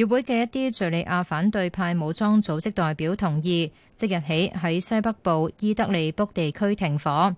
與會嘅一啲敍利亞反對派武裝組織代表同意即日起喺西北部伊德利卜地區停火。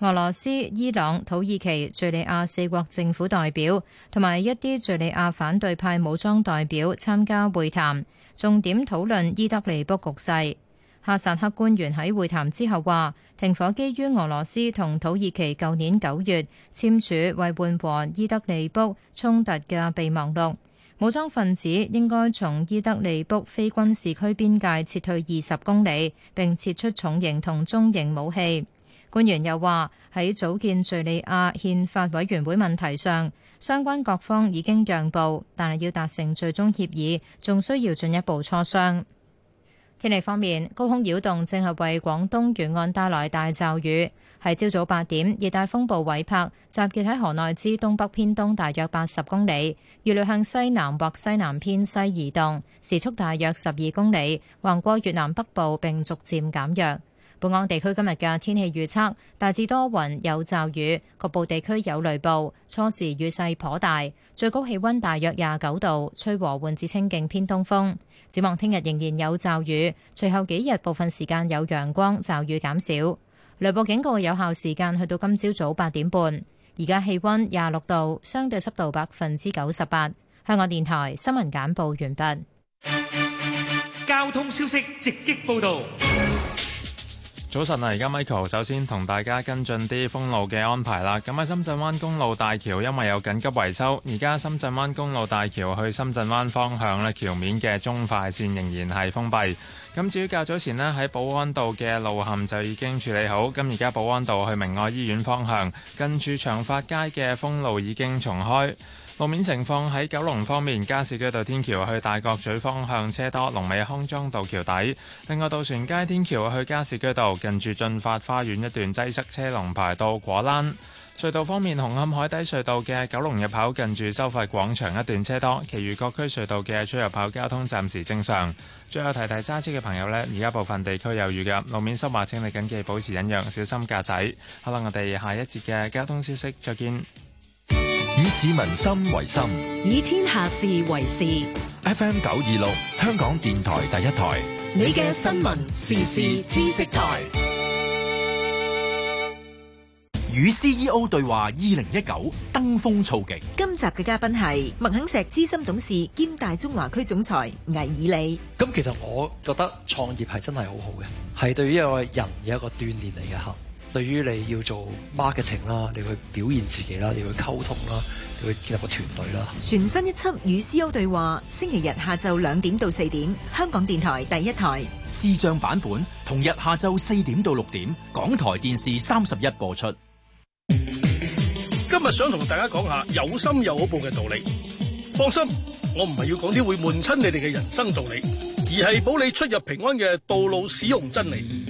俄羅斯、伊朗、土耳其、敍利亞四國政府代表同埋一啲敍利亞反對派武裝代表參加會談，重點討論伊德利卜局勢。哈薩克官員喺會談之後話，停火基於俄羅斯同土耳其舊年九月簽署為緩和伊德利卜衝突嘅備忘錄。武裝分子應該從伊德利卜非軍事區邊界撤退二十公里，並撤出重型同中型武器。官員又話，喺組建敘利亞憲法委員會問題上，相關各方已經讓步，但係要達成最終協議，仲需要進一步磋商。天氣方面，高空擾動正係為廣東沿岸帶來大驟雨。係朝早八點，熱帶風暴韋帕集結喺河內之東北偏東大約八十公里，預料向西南或西南偏西移動，時速大約十二公里，橫過越南北部並逐漸減弱。本港地區今日嘅天氣預測大致多雲有驟雨，局部地區有雷暴，初時雨勢頗大，最高氣温大約廿九度，吹和緩至清勁偏東風。展望聽日仍然有驟雨，隨後幾日部分時間有陽光，驟雨減少。雷暴警告有效時間去到今朝早八點半。而家氣温廿六度，相對濕度百分之九十八。香港電台新聞簡報完畢。交通消息直擊報導。早晨啊！而家 Michael 首先同大家跟進啲封路嘅安排啦。咁喺深圳灣公路大橋因為有緊急維修，而家深圳灣公路大橋去深圳灣方向咧，橋面嘅中快線仍然係封閉。咁至於較早前咧，喺寶安道嘅路陷就已經處理好，咁而家寶安道去明愛醫院方向近住長發街嘅封路已經重開。路面情況喺九龍方面，加士居道天橋去大角咀方向車多，龍尾康莊道橋底；另外，渡船街天橋去加士居道近住進發花園一段擠塞，車龍排到果欄。隧道方面，紅磡海底隧道嘅九龍入口近住收費廣場一段車多，其餘各區隧道嘅出入口交通暫時正常。最後提提揸車嘅朋友呢，而家部分地區有雨㗎，路面濕滑，請你緊記保持忍讓，小心駕駛。好啦，我哋下一節嘅交通消息，再見。以市民心為心，以天下事為事。FM 九二六，香港電台第一台。你嘅新聞時事知識台，與 CEO 對話二零一九登峰造極。今集嘅嘉賓係麥肯錫資深董事兼大中華區總裁倪以理。咁其實我覺得創業係真係好好嘅，係對於一個人有一個鍛煉嚟嘅。對於你要做 marketing 啦，你去表現自己啦，你去溝通啦，你去建立個團隊啦。全新一輯與 CEO 對話，星期日下晝兩點到四點，香港電台第一台。視像版本同日下晝四點到六點，港台電視三十一播出。今日想同大家講下有心有好報嘅道理。放心，我唔係要講啲會悶親你哋嘅人生道理，而係保你出入平安嘅道路使用真理。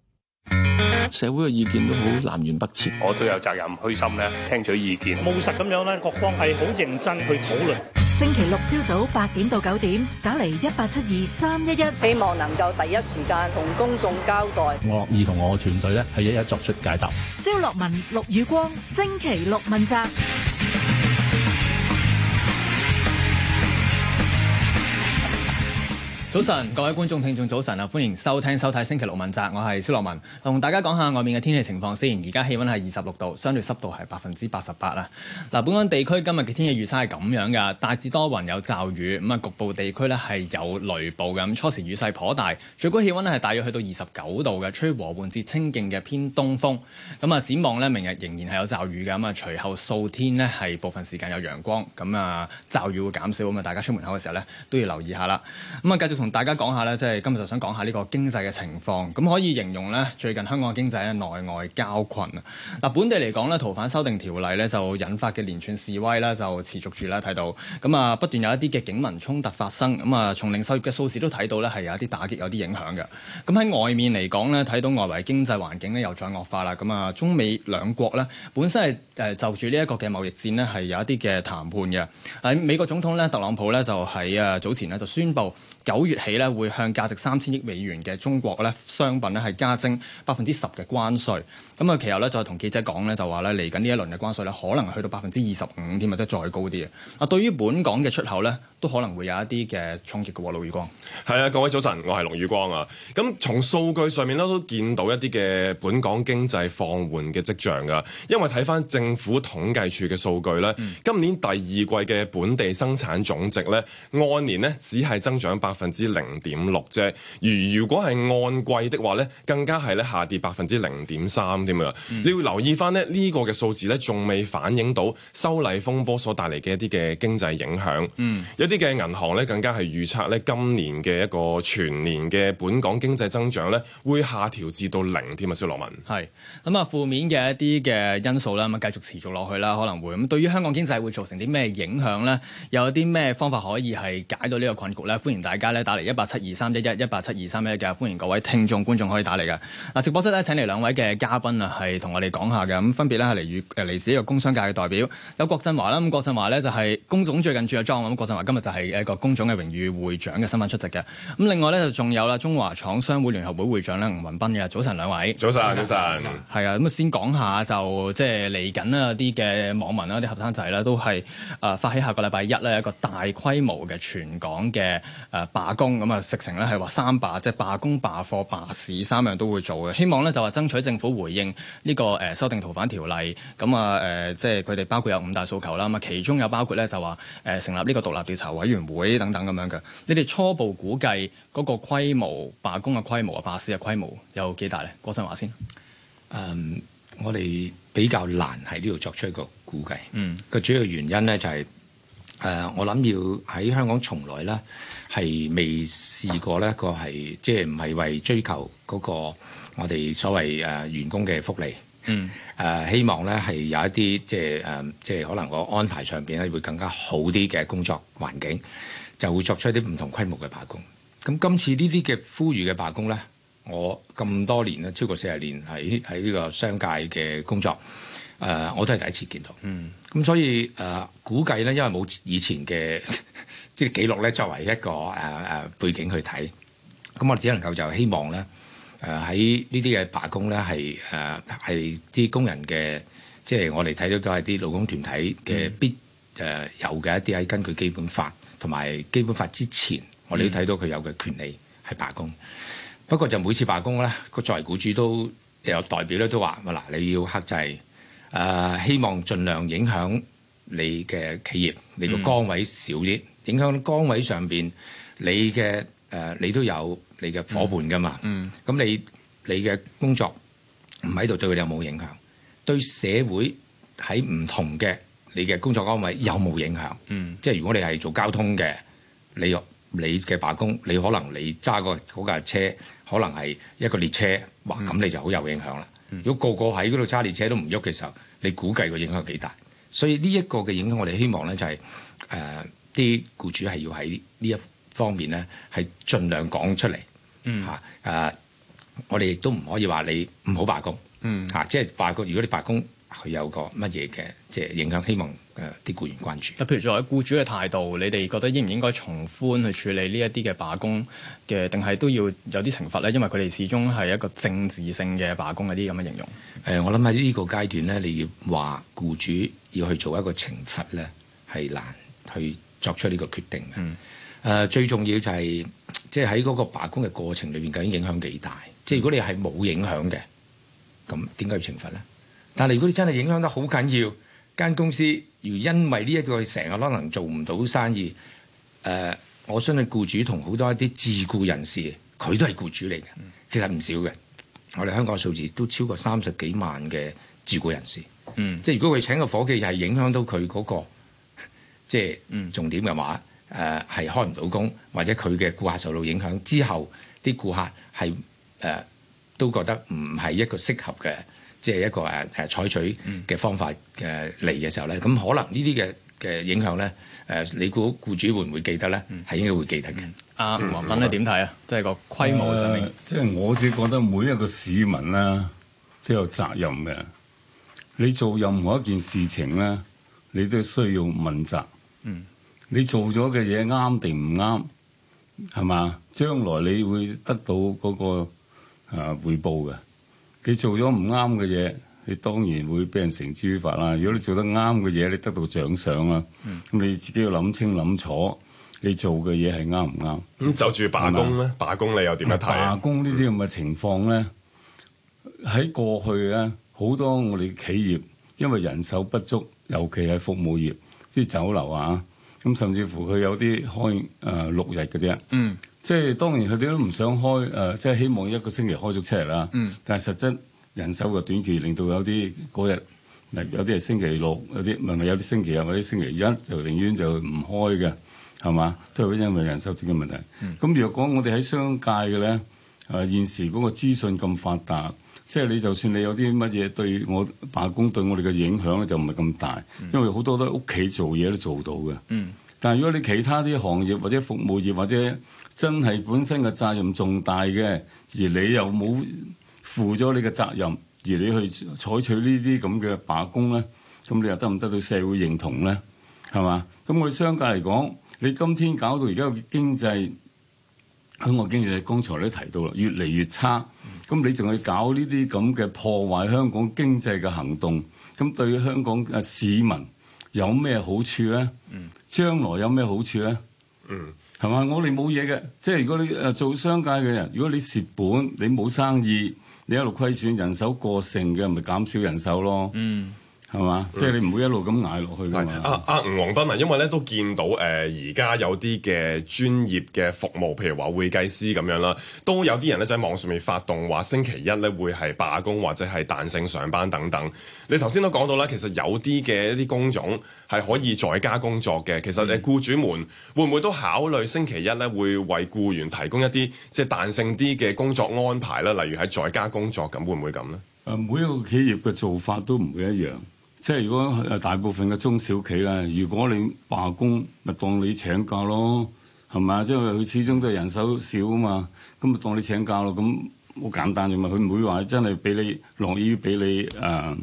社會嘅意見都好南轅北轍，我都有責任虛心咧，聽取意見，務實咁樣咧，各方係好認真去討論。星期六朝早八點到九點打嚟一八七二三一一，希望能夠第一時間同公眾交代。我樂意同我嘅團隊咧，係一,一一作出解答。蕭洛汶、陸宇光，星期六問責。早晨，各位觀眾聽眾早晨啊，歡迎收聽收睇星期六問責，我係蕭洛汶，同大家講下外面嘅天氣情況先。而家氣溫係二十六度，相對濕度係百分之八十八啦。嗱，本港地區今日嘅天氣預測係咁樣噶，大致多雲有驟雨，咁啊局部地區咧係有雷暴嘅咁，初時雨勢頗大，最高氣溫咧係大約去到二十九度嘅，吹和緩至清勁嘅偏東風。咁啊，展望咧，明日仍然係有驟雨嘅，咁啊隨後數天咧係部分時間有陽光，咁啊驟雨會減少，咁啊大家出門口嘅時候咧都要留意一下啦。咁啊，繼續。同大家講下呢，即係今日就想講下呢個經濟嘅情況。咁可以形容呢，最近香港嘅經濟呢，內外交困啊。嗱，本地嚟講呢，逃犯修訂條例呢，就引發嘅連串示威啦，就持續住呢，睇到咁啊，不斷有一啲嘅警民衝突發生。咁啊，從零售業嘅數字都睇到呢，係有一啲打擊，有啲影響嘅。咁喺外面嚟講呢，睇到外圍的經濟環境呢，又再惡化啦。咁啊，中美兩國呢，本身係就住呢一個嘅貿易戰呢，係有一啲嘅談判嘅。喺美國總統呢，特朗普呢，就喺啊早前呢，就宣布。九月起咧，會向價值三千億美元嘅中國咧商品咧，係加徵百分之十嘅關稅。咁啊，其後咧，再同記者講咧，就話咧，嚟緊呢一輪嘅關稅咧，可能去到百分之二十五添或者再高啲嘅。啊，對於本港嘅出口咧，都可能會有一啲嘅衝擊嘅喎，陸宇光。係啊，各位早晨，我係陸宇光啊。咁從數據上面咧，都見到一啲嘅本港經濟放緩嘅跡象㗎。因為睇翻政府統計處嘅數據咧，嗯、今年第二季嘅本地生產總值咧，按年咧只係增長百。百分之零點六啫，而如果係按季的話咧，更加係咧下跌百分之零點三添啊！你要留意返咧呢個嘅數字咧，仲未反映到修例風波所帶嚟嘅一啲嘅經濟影響。嗯，有啲嘅銀行咧，更加係預測咧今年嘅一個全年嘅本港經濟增長咧，會下調至到零添啊！蕭洛汶，係咁啊，負面嘅一啲嘅因素咧，咁啊繼續持續落去啦，可能會咁。對於香港經濟會造成啲咩影響咧？有啲咩方法可以係解到呢個困局咧？歡迎大家而家咧打嚟一八七二三一一一八七二三一一嘅，歡迎各位聽眾觀眾可以打嚟嘅。嗱，直播室咧請嚟兩位嘅嘉賓啊，係同我哋講下嘅。咁分別咧係嚟嚟自一個工商界嘅代表，有郭振華啦。咁郭振華呢就係工總最近住咗莊，咁郭振華今日就係一個工總嘅榮譽會長嘅身份出席嘅。咁另外呢，就仲有啦，中華廠商會聯合會會長咧吳宏斌嘅。早晨，兩位。早晨，早晨。係啊，咁啊先講下就即係嚟緊啦，啲嘅網民啦、啲後生仔啦，都係誒發起下個禮拜一呢一個大規模嘅全港嘅誒，呃罷工咁啊，直情咧係話三罷，即係罷工、罷課、罷市三樣都會做嘅。希望咧就話爭取政府回應呢個誒修訂逃犯條例。咁啊誒，即係佢哋包括有五大訴求啦。咁啊，其中有包括咧就話誒成立呢個獨立調查委員會等等咁樣嘅。你哋初步估計嗰個規模罷工嘅規模啊，罷市嘅規模有幾大咧？郭生話先。誒、嗯，我哋比較難喺呢度作出一個估計。嗯，個主要原因咧就係、是。誒，我諗要喺香港從來咧係未試過呢個係，即係唔係為追求嗰個我哋所謂誒員工嘅福利，嗯，誒希望咧係有一啲即係誒即係可能我安排上面咧會更加好啲嘅工作環境，就會作出一啲唔同規模嘅罷工。咁今次呢啲嘅呼籲嘅罷工咧，我咁多年咧超過四十年喺喺呢個商界嘅工作，誒我都係第一次見到，嗯。咁所以誒、呃、估計咧，因為冇以前嘅即係記錄咧，作為一個誒誒、呃呃、背景去睇，咁我只能夠就希望咧，誒、呃、喺呢啲嘅罷工咧係誒係啲工人嘅，即係我哋睇到都係啲勞工團體嘅必誒有嘅一啲喺根據基本法同埋基本法之前，我哋都睇到佢有嘅權利係罷工。嗯、不過，就每次罷工咧，個作為雇主都有代表咧都話：「嗱，你要克制。誒、呃、希望儘量影響你嘅企業，你個崗位少啲，嗯、影響崗位上邊你嘅誒、呃，你都有你嘅伙伴㗎嘛？咁、嗯嗯、你你嘅工作唔喺度對佢哋有冇影響，對社會喺唔同嘅你嘅工作崗位有冇影響？嗯、即係如果你係做交通嘅，你你嘅罷工，你可能你揸個嗰架車，可能係一個列車，嗯、哇！咁你就好有影響啦。嗯、如果個個喺嗰度揸列車都唔喐嘅時候，你估計個影響有幾大？所以呢一個嘅影響，我哋希望咧就係誒啲僱主係要喺呢一方面咧係盡量講出嚟嚇誒。我哋亦都唔可以話你唔好罷工嚇，即係罷工。嗯啊就係、如果你罷工，佢有個乜嘢嘅即係影響，希望。誒啲雇員關注，咁譬如作為僱主嘅態度，你哋覺得應唔應該從寬去處理呢一啲嘅罷工嘅，定係都要有啲懲罰咧？因為佢哋始終係一個政治性嘅罷工嗰啲咁嘅形容。誒、呃，我諗喺呢個階段咧，你要話僱主要去做一個懲罰咧，係難去作出呢個決定嘅。誒、嗯呃，最重要就係即係喺嗰個罷工嘅過程裏邊，究竟影響幾大？即係如果你係冇影響嘅，咁點解要懲罰咧？但係如果你真係影響得好緊要，間公司。如因為呢、這、一個成日可能做唔到生意，誒、呃，我相信僱主同好多一啲自雇人士，佢都係僱主嚟嘅，其實唔少嘅。我哋香港嘅數字都超過三十幾萬嘅自僱人士，嗯，即係如果佢請個伙計係影響到佢嗰、那個，即、就、係、是、重點嘅話，誒、呃、係開唔到工，或者佢嘅顧客受到影響之後，啲顧客係誒、呃、都覺得唔係一個適合嘅。即係一個誒誒採取嘅方法誒嚟嘅時候咧，咁、嗯、可能呢啲嘅嘅影響咧，誒你估僱主會唔會記得咧？係、嗯、應該會記得嘅。吳宏斌，嗯、問你點睇啊？即係、嗯、個規模上面。即係、呃就是、我自己覺得每一個市民啦，都有責任嘅。你做任何一件事情咧，你都需要問責。嗯。你做咗嘅嘢啱定唔啱係嘛？將來你會得到嗰、那個誒回、呃、報嘅。你做咗唔啱嘅嘢，你當然會俾人繩之於法啦。如果你做得啱嘅嘢，你得到獎賞啦。咁、嗯、你自己要諗清諗楚，你做嘅嘢係啱唔啱？咁、嗯、就住罷工咧，罷、嗯、工你又點樣睇啊？罷工呢啲咁嘅情況咧，喺過去咧，好、嗯、多我哋企業因為人手不足，尤其係服務業，啲酒樓啊。咁甚至乎佢有啲開誒六、呃、日嘅啫，嗯即、呃，即係當然佢哋都唔想開誒，即係希望一個星期開足七日啦，嗯，但係實質人手嘅短期令到有啲嗰日，有啲係星期六，有啲唔係有啲星期日，或者星期一就寧願就唔開嘅，係嘛？都係因為人手短嘅問題。咁、嗯、如果我哋喺商界嘅咧，誒、呃、現時嗰個資訊咁發達。即係你就算你有啲乜嘢對我罷工對我哋嘅影響咧就唔係咁大，因為好多都喺屋企做嘢都做到嘅。嗯。但係如果你其他啲行業或者服務業或者真係本身嘅責任重大嘅，而你又冇負咗你嘅責任，而你去採取呢啲咁嘅罷工咧，咁你又得唔得到社會認同咧？係嘛？咁我哋商界嚟講，你今天搞到而家經濟，喺我經濟剛才你都提到啦，越嚟越差。咁你仲去搞呢啲咁嘅破壞香港經濟嘅行動？咁對香港嘅市民有咩好處咧？將來有咩好處咧？係嘛、嗯？我哋冇嘢嘅，即係如果你做商界嘅人，如果你蝕本，你冇生意，你一路虧損，人手過剩嘅，咪減少人手咯。嗯係嘛？即係你唔會一路咁捱落去嘅。係阿阿吳宏斌啊，因為咧都見到誒，呃、而家有啲嘅專業嘅服務，譬如話會計師咁樣啦，都有啲人咧就喺網上面發動話星期一咧會係罷工或者係彈性上班等等。你頭先都講到啦，其實有啲嘅一啲工種係可以在家工作嘅。其實你僱主們會唔會都考慮星期一咧會為僱員提供一啲即係彈性啲嘅工作安排咧？例如喺在，在家工作咁會唔會咁咧？誒，每一個企業嘅做法都唔會一樣。即係如果誒大部分嘅中小企啦，如果你罷工，咪當你請假咯，係咪啊？即係佢始終都係人手少啊嘛，咁咪當你請假咯，咁好簡單啫嘛。佢唔會話真係俾你樂於俾你誒、呃，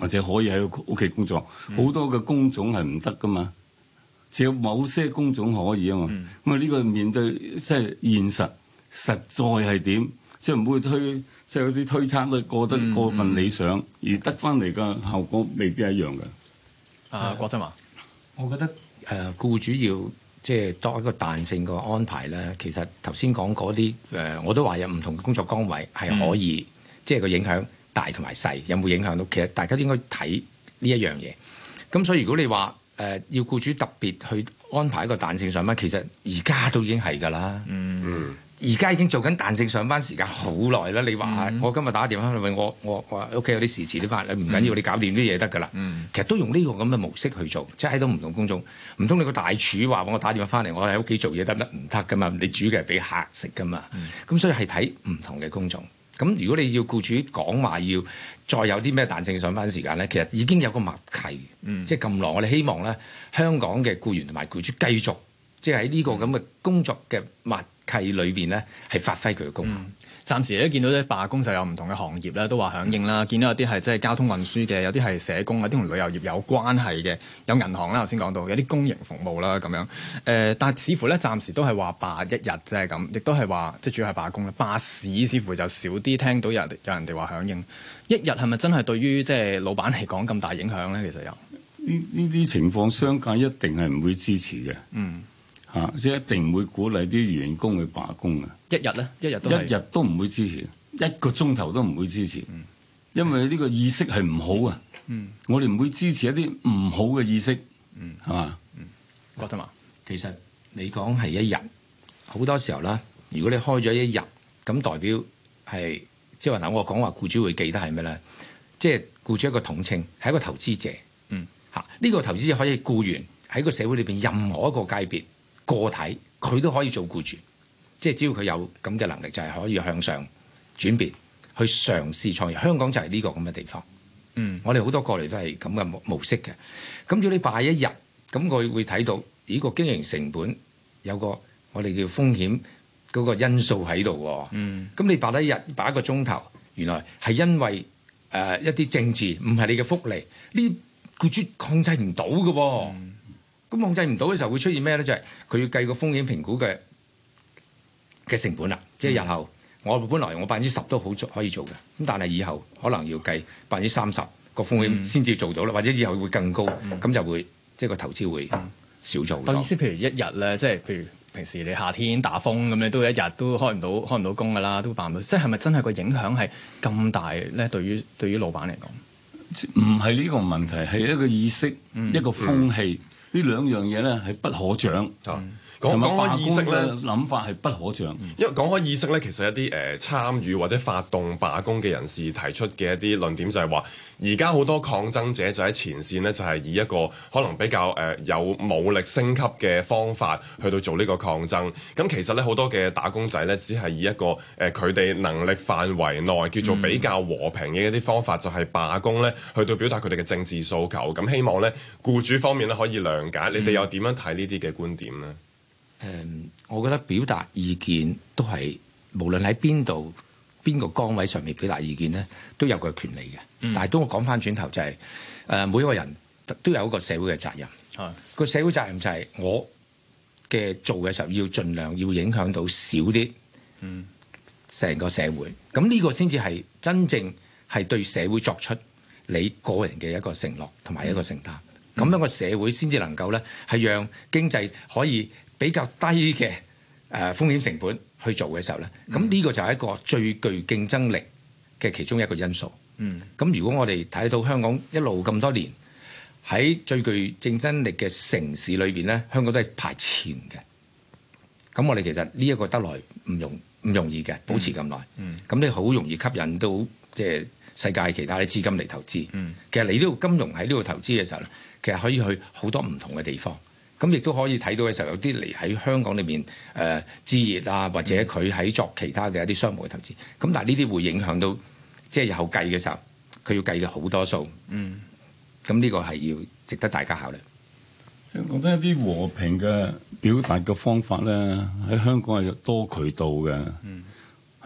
或者可以喺屋企工作，好、嗯、多嘅工種係唔得噶嘛，只有某些工種可以啊嘛。咁啊呢個面對即係現實，實在係點？即係唔會推，即係好似推測都過得過分理想，嗯嗯、而得翻嚟嘅效果未必一樣嘅。啊，郭振華，我覺得誒、呃，僱主要即係多一個彈性個安排咧，其實頭先講嗰啲誒，我都話有唔同嘅工作崗位係可以，是即係個影響大同埋細，有冇影響到？其實大家應該睇呢一樣嘢。咁所以如果你話誒、呃、要僱主特別去安排一個彈性上班，其實而家都已經係㗎啦。嗯。嗯。而家已經做緊彈性上班時間好耐啦。你話我今日打電話去問我，我屋企有啲事遲啲翻嚟，你唔緊要，你搞掂啲嘢得噶啦。嗯、其實都用呢個咁嘅模式去做，即係喺到唔同工種，唔通你個大廚話我打電話翻嚟，我喺屋企做嘢得唔得？唔得噶嘛，你煮嘅係俾客食噶嘛。咁、嗯、所以係睇唔同嘅工種。咁如果你要僱主講話要再有啲咩彈性上班時間咧，其實已經有個默契。即係咁耐，我哋希望咧香港嘅僱員同埋僱主繼續即係喺呢個咁嘅工作嘅默契。契裏邊咧係發揮佢嘅功能。嗯、暫時都見到啲罷工，就有唔同嘅行業啦，都話響應啦。嗯、見到有啲係即係交通運輸嘅，有啲係社工，有啲同旅遊業有關係嘅，有銀行啦，頭先講到，有啲公營服務啦咁樣。誒、呃，但係似乎咧，暫時都係話罷一日啫咁，亦都係話即係主要係罷工啦。巴士似乎就少啲聽到有人有人哋話響應。一日係咪真係對於即係老闆嚟講咁大影響咧？其實有呢呢啲情況，商界一定係唔會支持嘅。嗯。啊！即係一定唔會鼓勵啲員工去罷工嘅，一日咧，一日都一日都唔會支持，一個鐘頭都唔會支持，嗯、因為呢個意識係唔好啊。嗯，我哋唔會支持一啲唔好嘅意識，嗯，係嘛吧、嗯？嗯，覺得嘛，我其實你講係一日好多時候啦。如果你開咗一日，咁代表係即係話嗱，我講話僱主會記得係咩咧？即係僱主一個統稱係一個投資者，嗯，吓呢、啊這個投資者可以僱員喺個社會裏邊任何一個界別。個體佢都可以做僱主，即係只要佢有咁嘅能力，就係、是、可以向上轉變去嘗試創業。香港就係呢個咁嘅地方。嗯，我哋好多過嚟都係咁嘅模式嘅。咁如果你擺一日，咁佢會睇到呢個經營成本有個我哋叫風險嗰個因素喺度。嗯，咁你擺一日，擺一個鐘頭，原來係因為誒一啲政治唔係你嘅福利，呢個僱主控制唔到嘅。嗯控制唔到嘅時候會出現咩咧？就係、是、佢要計個風險評估嘅嘅成本啦。即、就、係、是、日後我本來我百分之十都好做可以做嘅，咁但係以後可能要計百分之三十個風險先至做到啦，或者以後會更高，咁就會即係個投資會少做到。意思、嗯嗯嗯、譬如一日咧，即係譬如平時你夏天打風咁咧，都一日都開唔到開唔到工噶啦，都辦唔到。即係係咪真係個影響係咁大咧？對於對於老闆嚟講，唔係呢個問題，係一個意識，嗯、一個風氣。嗯呢兩樣嘢咧係不可長、嗯。嗯。講講開意識咧，諗法係不可象。因為講開意識咧，其實一啲誒參與或者發動罷工嘅人士提出嘅一啲論點就係話，而家好多抗爭者就喺前線咧，就係、是、以一個可能比較誒、呃、有武力升級嘅方法去到做呢個抗爭。咁其實咧，好多嘅打工仔咧，只係以一個誒佢哋能力範圍內叫做比較和平嘅一啲方法，嗯、就係罷工咧，去到表達佢哋嘅政治訴求。咁希望咧僱主方面咧可以諒解。你哋又點樣睇呢啲嘅觀點咧？誒、嗯，我覺得表達意見都係無論喺邊度、邊個崗位上面表達意見咧，都有個權利嘅。嗯、但係都我講翻轉頭就係、是，誒、呃、每一個人都有一個社會嘅責任。個的社會責任就係我嘅做嘅時候，要盡量要影響到少啲，嗯，成個社會。咁呢、嗯、個先至係真正係對社會作出你個人嘅一個承諾同埋一個承擔。咁、嗯、樣個社會先至能夠咧，係讓經濟可以。比較低嘅誒風險成本去做嘅時候呢，咁呢個就係一個最具競爭力嘅其中一個因素。嗯，咁如果我哋睇到香港一路咁多年喺最具競爭力嘅城市裏面呢，香港都係排前嘅。咁我哋其實呢一個得來唔容唔容易嘅，保持咁耐。嗯，咁你好容易吸引到即係世界其他啲資金嚟投資。其實你呢度金融喺呢度投資嘅時候呢，其實可以去好多唔同嘅地方。咁亦都可以睇到嘅時候，有啲嚟喺香港裏面誒、呃、置業啊，或者佢喺作其他嘅一啲商務嘅投資。咁、嗯、但係呢啲會影響到，即係日後計嘅時候，佢要計嘅好多數。嗯，咁呢個係要值得大家考慮。即係我覺得一啲和平嘅表達嘅方法咧，喺香港係多渠道嘅。嗯，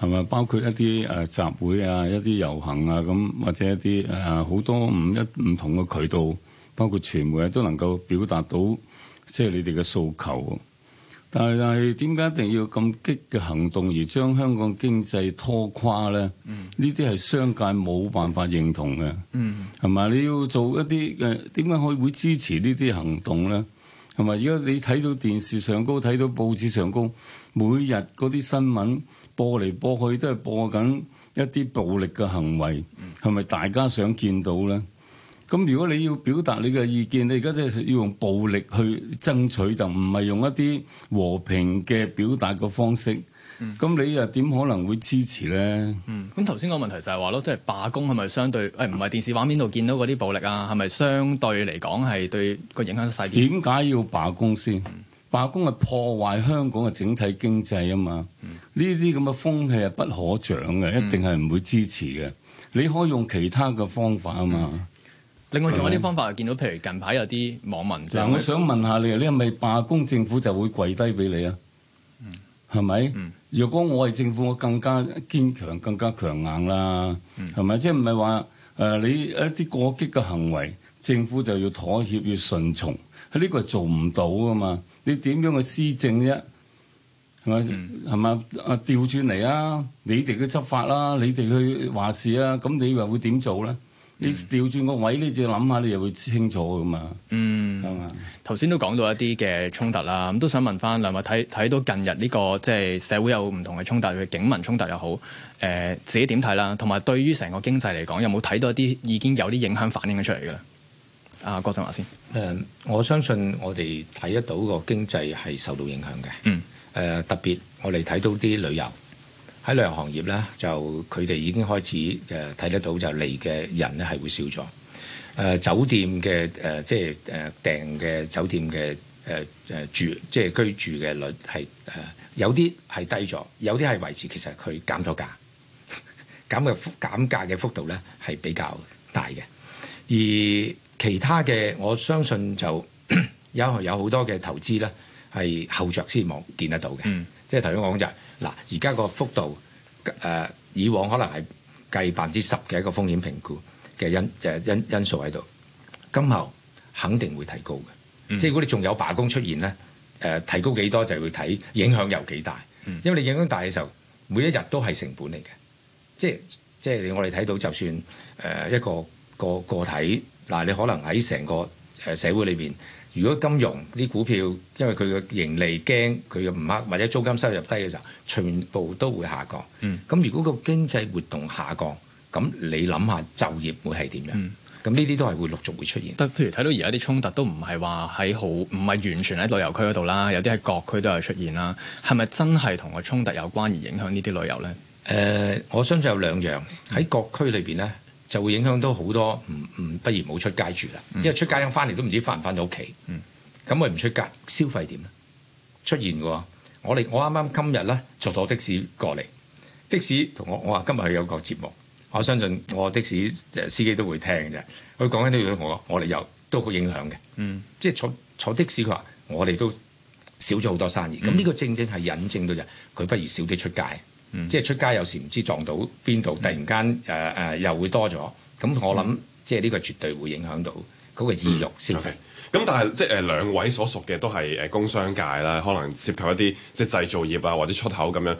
係咪包括一啲誒、呃、集會啊、一啲遊行啊，咁或者一啲誒好多唔一唔同嘅渠道，包括傳媒啊，都能夠表達到。即係你哋嘅訴求，但係點解一定要咁激嘅行動而將香港經濟拖垮咧？呢啲係商界冇辦法認同嘅，係咪、嗯、你要做一啲誒？點解可以會支持呢啲行動咧？係咪而家你睇到電視上高，睇到報紙上高，每日嗰啲新聞播嚟播去都係播緊一啲暴力嘅行為，係咪大家想見到咧？咁如果你要表達你嘅意見，你而家即係要用暴力去爭取，就唔係用一啲和平嘅表達嘅方式。咁、嗯、你又點可能會支持咧？咁頭先個問題就係話咯，即係罷工係咪相對誒唔係電視畫面度見到嗰啲暴力啊，係咪相對嚟講，係對個影響細啲？點解要罷工先？罷、嗯、工係破壞香港嘅整體經濟啊嘛！呢啲咁嘅風氣，係不可長嘅，一定係唔會支持嘅。你可以用其他嘅方法啊嘛！嗯另外仲有啲方法，見到譬如近排有啲網民。嗱，我想問下你，你係咪罷工？政府就會跪低俾你啊？係咪？若果我係政府，我更加堅強、更加強硬啦。係咪、嗯？即係唔係話誒？你一啲過激嘅行為，政府就要妥協、要順從。喺、這、呢個做唔到噶嘛？你點樣去施政啫？係咪？係咪、嗯？啊，調轉嚟啊！你哋嘅執法啦，你哋去話事啊，咁你以又會點做咧？你調轉個位，你自己諗下，你又會知清楚噶嘛？嗯，係嘛？頭先都講到一啲嘅衝突啦，咁都想問翻兩位睇睇到近日呢個即係社會有唔同嘅衝突，警民衝突又好，誒自己點睇啦？同埋對於成個經濟嚟講，有冇睇到一啲已經有啲影響反應出嚟㗎？阿郭振華先。誒我相信我哋睇得到個經濟係受到影響嘅，嗯，誒特別我哋睇到啲旅遊。喺兩行業啦，就佢哋已經開始誒睇、呃、得到，就嚟嘅人咧係會少咗。誒、呃、酒店嘅誒即係誒訂嘅酒店嘅誒誒住即係、就是、居住嘅率係誒有啲係低咗，有啲係維持，其實佢減咗價， 減嘅減價嘅幅度咧係比較大嘅。而其他嘅我相信就 有有好多嘅投資咧係後着先望見得到嘅。嗯、即係頭先我講就係。嗱，而家個幅度誒、呃、以往可能係計百分之十嘅一個風險評估嘅因誒因因，因素喺度，今後肯定會提高嘅。嗯、即係如果你仲有罷工出現咧，誒、呃、提高幾多就係會睇影響有幾大。嗯、因為你影響大嘅時候，每一日都係成本嚟嘅。即係即係我哋睇到，就算誒、呃、一個個個體，嗱、呃、你可能喺成個誒、呃、社會裏邊。如果金融啲股票，因為佢嘅盈利驚，佢嘅唔呃或者租金收入低嘅時候，全部都會下降。嗯，咁如果個經濟活動下降，咁你諗下就業會係點樣？咁呢啲都係會陸續會出現。得，譬如睇到而家啲衝突都唔係話喺好，唔係完全喺旅遊區嗰度啦，有啲喺各區都有出現啦。係咪真係同個衝突有關而影響呢啲旅遊咧？誒、呃，我相信有兩樣，喺各區裏邊咧。嗯就會影響到好多，唔唔，不如冇出街住啦。因為出街咁翻嚟都唔知翻唔翻到屋企。咁佢唔出街，消費點咧？出現喎。我哋我啱啱今日咧坐咗的士過嚟，的士同我我話今日係有個節目，我相信我的士司機都會聽嘅。佢講緊都要我，我哋又都好影響嘅。嗯即，即係坐坐的士，佢話我哋都少咗好多生意。咁呢、嗯、個正正係引證到就佢不如少啲出街。嗯、即係出街有時唔知撞到邊度，突然間誒誒、呃呃、又會多咗，咁我諗、嗯、即係呢個絕對會影響到嗰個意欲消費。咁、嗯 okay. 但係即係兩位所屬嘅都係誒工商界啦，可能涉及一啲即係製造業啊或者出口咁樣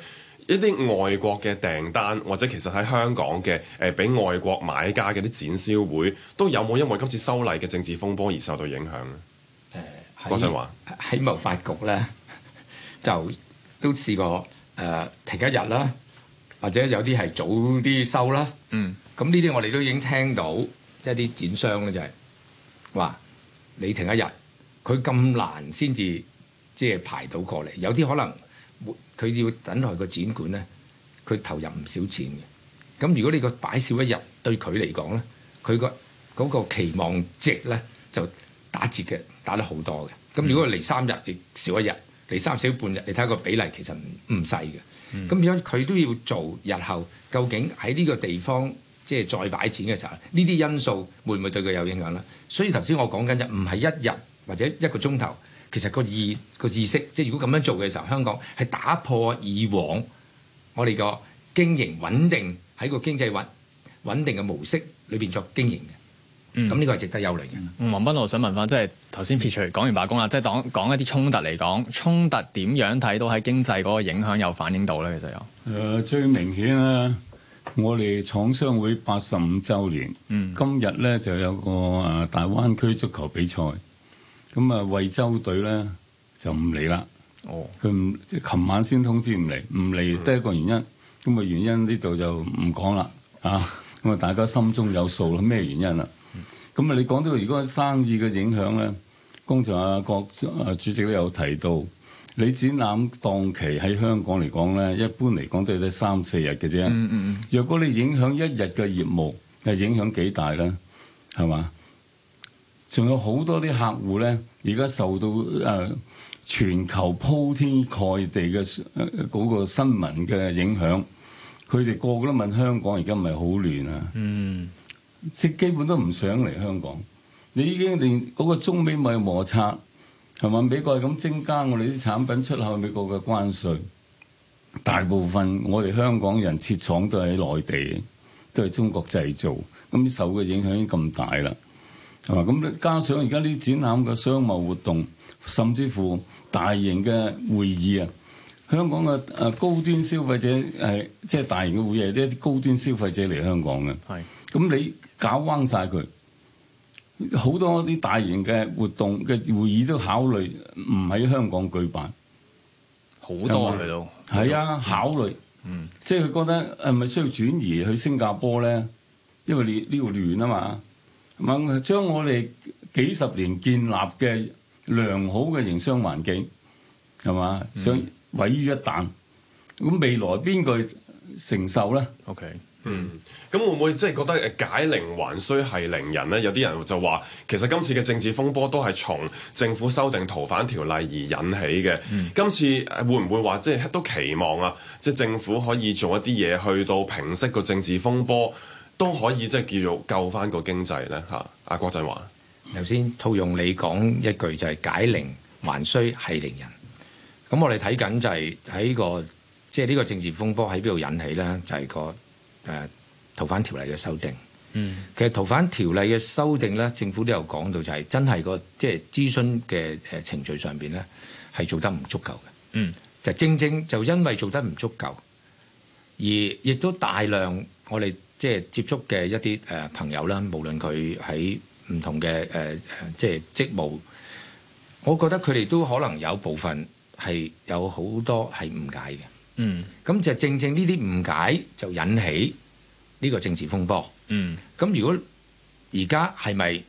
一啲外國嘅訂單，或者其實喺香港嘅誒俾外國買家嘅啲展銷會，都有冇因為今次修例嘅政治風波而受到影響咧？郭振華喺貿發局咧就都試過。誒、呃、停一日啦，或者有啲係早啲收啦。嗯，咁呢啲我哋都已經聽到，即係啲展商咧就係、是、話你停一日，佢咁難先至即係排到過嚟。有啲可能佢要等待個展館咧，佢投入唔少錢嘅。咁如果你個擺少一日，對佢嚟講咧，佢個嗰個期望值咧就打折嘅，打得好多嘅。咁如果嚟三日，亦少一日。第三小半日，你睇個比例其實唔唔細嘅。咁點解佢都要做？日後究竟喺呢個地方即係再擺錢嘅時候，呢啲因素會唔會對佢有影響呢？所以頭先我講緊就唔係一日或者一個鐘頭，其實個意、個意識即係如果咁樣做嘅時候，香港係打破以往我哋個經營穩定喺個經濟穩穩定嘅模式裏邊作經營嘅。這這嗯，咁呢個係值得憂慮嘅。嗯，宏斌、嗯，我、嗯、想問翻，即係頭先撇除講完罷工啦，嗯、即係講講一啲衝突嚟講，衝突點樣睇到喺經濟嗰個影響有反映到咧？其實有。誒，最明顯咧，我哋廠商會八十五週年，嗯、今日咧就有個誒大灣區足球比賽，咁啊惠州隊咧就唔嚟啦。哦，佢唔即係琴晚先通知唔嚟，唔嚟得一個原因，咁嘅、嗯、原因呢度就唔講啦。啊，咁啊大家心中有數啦，咩、嗯、原因啊？咁啊！你講到如果生意嘅影響咧，剛才阿郭啊主席都有提到，你展覽檔期喺香港嚟講咧，一般嚟講都係得三四日嘅啫。嗯嗯嗯。若果你影響一日嘅業務，係影響幾大咧？係嘛？仲有好多啲客戶咧，而家受到誒全球鋪天蓋地嘅嗰個新聞嘅影響，佢哋個個都問香港而家唔係好亂啊。嗯。即基本都唔想嚟香港。你已經連嗰個中美貿易摩擦係嘛，美國係咁增加我哋啲產品出口美國嘅關稅，大部分我哋香港人設廠都喺內地，都係中國製造。咁受嘅影響已經咁大啦，係嘛？咁加上而家啲展覽嘅商貿活動，甚至乎大型嘅會議啊，香港嘅高端消費者即係、就是、大型嘅會議，啲高端消費者嚟香港嘅咁你搞彎晒佢，好多啲大型嘅活動嘅會議都考慮唔喺香港舉辦，好多嚟到。係啊，考慮，嗯，即係佢覺得係咪需要轉移去新加坡咧？因為你呢度亂啊嘛，將我哋幾十年建立嘅良好嘅營商環境係嘛，想毀於一旦，咁、嗯、未來邊個承受咧？OK。嗯，咁會唔會即係覺得解鈴還需繫鈴人咧？有啲人就話，其實今次嘅政治風波都係從政府修訂逃犯條例而引起嘅。嗯、今次會唔會話即係都期望啊？即係政府可以做一啲嘢去到平息個政治風波，都可以即係叫做救翻個經濟咧？吓、啊，阿郭振華，頭先套用你講一句就係解鈴還需繫鈴人。咁我哋睇緊就係喺、這個即係呢個政治風波喺邊度引起咧？就係、是、個。誒逃犯條例嘅修訂，嗯，其實逃犯條例嘅修訂咧，政府都有講到，就係真係個即係諮詢嘅誒程序上邊咧，係做得唔足夠嘅。嗯，就正正就因為做得唔足夠，而亦都大量我哋即係接觸嘅一啲誒朋友啦，無論佢喺唔同嘅誒誒即係職務，我覺得佢哋都可能有部分係有好多係誤解嘅。嗯，咁就正正呢啲誤解就引起呢個政治風波。嗯，咁如果而家係咪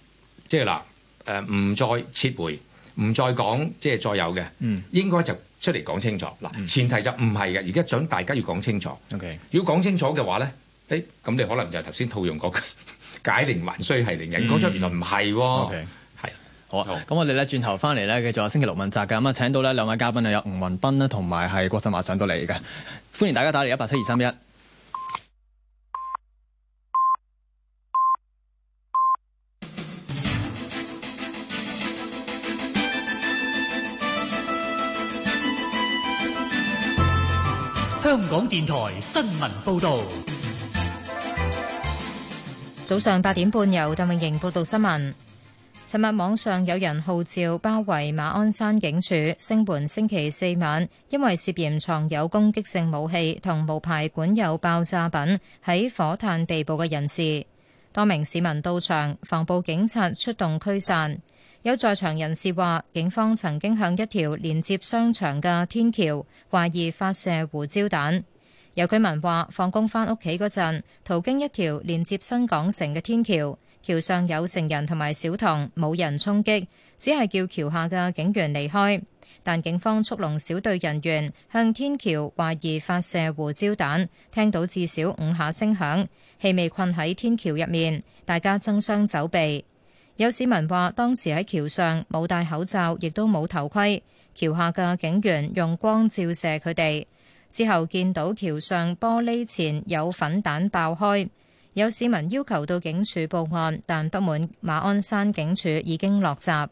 即係嗱，誒，唔再撤回，唔再講，即係再有嘅，嗯，應該就出嚟講清楚。嗱、嗯，前提就唔係嘅，而家想大家要講清楚。OK，如果講清楚嘅話咧，誒、欸，咁你可能就頭先套用嗰句 解鈴還須繫鈴人，講出來原來唔係喎。嗯 okay. 好咁，好我哋咧，轉頭翻嚟咧，繼續有星期六問責嘅咁啊，請到呢兩位嘉賓啊，有吳宏斌啦，同埋係郭振華上到嚟嘅，歡迎大家打嚟一八七二三一。香港電台新聞報道，早上八點半由鄧永盈報道新聞。尋日網上有人號召包圍馬鞍山警署，聲援星期四晚因為涉嫌藏有攻擊性武器同無牌管有爆炸品喺火炭被捕嘅人士。多名市民到場，防暴警察出動驅散。有在場人士話，警方曾經向一條連接商場嘅天橋懷疑發射胡椒彈。有居民話，放工返屋企嗰陣，途經一條連接新港城嘅天橋。橋上有成人同埋小童，冇人衝擊，只係叫橋下嘅警員離開。但警方速龍小隊人員向天橋懷疑發射胡椒彈，聽到至少五下聲響，氣味困喺天橋入面，大家爭相走避。有市民話，當時喺橋上冇戴口罩，亦都冇頭盔。橋下嘅警員用光照射佢哋，之後見到橋上玻璃前有粉彈爆開。有市民要求到警署報案，但不滿馬鞍山警署已經落閘。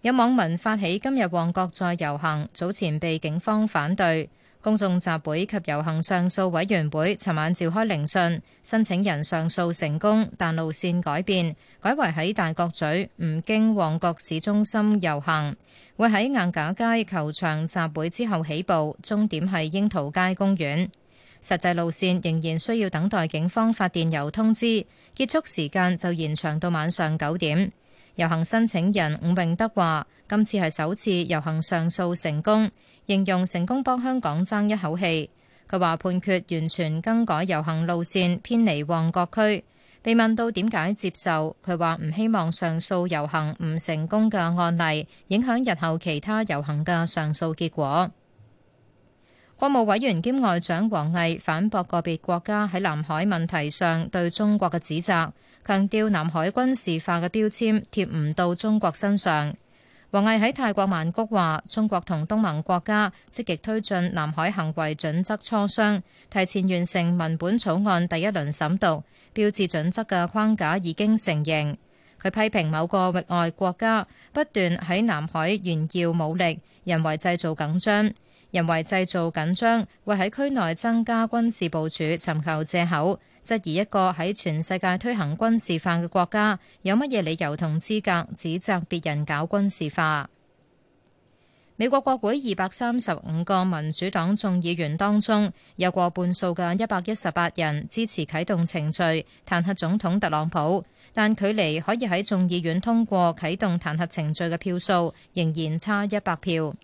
有網民發起今日旺角再遊行，早前被警方反對。公眾集會及遊行上訴委員會尋晚召開聆訊，申請人上訴成功，但路線改變，改為喺大角咀唔經旺角市中心遊行，會喺硬架街球場集會之後起步，終點係櫻桃街公園。實際路線仍然需要等待警方發電郵通知，結束時間就延長到晚上九點。遊行申請人伍永德話：今次係首次遊行上訴成功，形容成功幫香港爭一口氣。佢話判決完全更改遊行路線，偏離旺角區。被問到點解接受，佢話唔希望上訴遊行唔成功嘅案例影響日後其他遊行嘅上訴結果。國務委員兼外長王毅反駁個別國家喺南海問題上對中國嘅指責，強調南海軍事化嘅標籤貼唔到中國身上。王毅喺泰國曼谷話，中國同東盟國家積極推進南海行為準則磋商，提前完成文本草案第一輪審讀，標誌準則嘅框架已經成形。佢批評某個域外國家不斷喺南海炫耀武力，人為製造緊張。人為製造緊張，會喺區內增加軍事部署，尋求借口，質疑一個喺全世界推行軍事化嘅國家有乜嘢理由同資格指責別人搞軍事化。美國國會二百三十五個民主黨眾議員當中，有過半數嘅一百一十八人支持啟動程序，彈劾總統特朗普，但距離可以喺眾議院通過啟動彈劾程序嘅票數，仍然差一百票。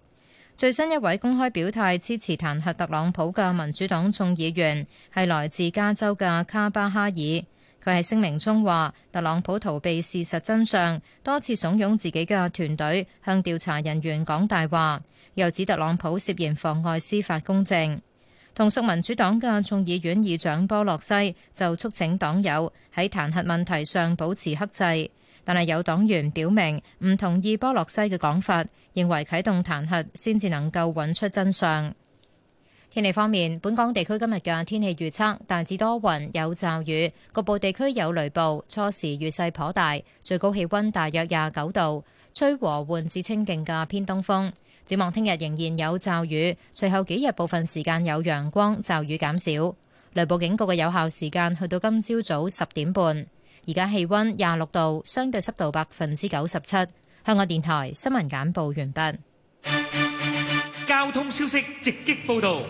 最新一位公開表態支持彈劾特朗普嘅民主黨眾議員係來自加州嘅卡巴哈爾，佢喺聲明中話：特朗普逃避事實真相，多次慫恿自己嘅團隊向調查人員講大話，又指特朗普涉嫌妨礙司法公正。同屬民主黨嘅眾議院議長波洛西就促請黨友喺彈劾問題上保持克制。但係有黨員表明唔同意波洛西嘅講法，認為啟動彈劾先至能夠揾出真相。天氣方面，本港地區今日嘅天氣預測大致多雲有驟雨，局部地區有雷暴，初時雨勢頗大，最高氣溫大約廿九度，吹和緩至清勁嘅偏東風。展望聽日仍然有驟雨，隨後幾日部分時間有陽光，驟雨減少。雷暴警告嘅有效時間去到今朝早十點半。而家氣溫廿六度，相對濕度百分之九十七。香港電台新聞簡報完畢。交通消息直擊報道。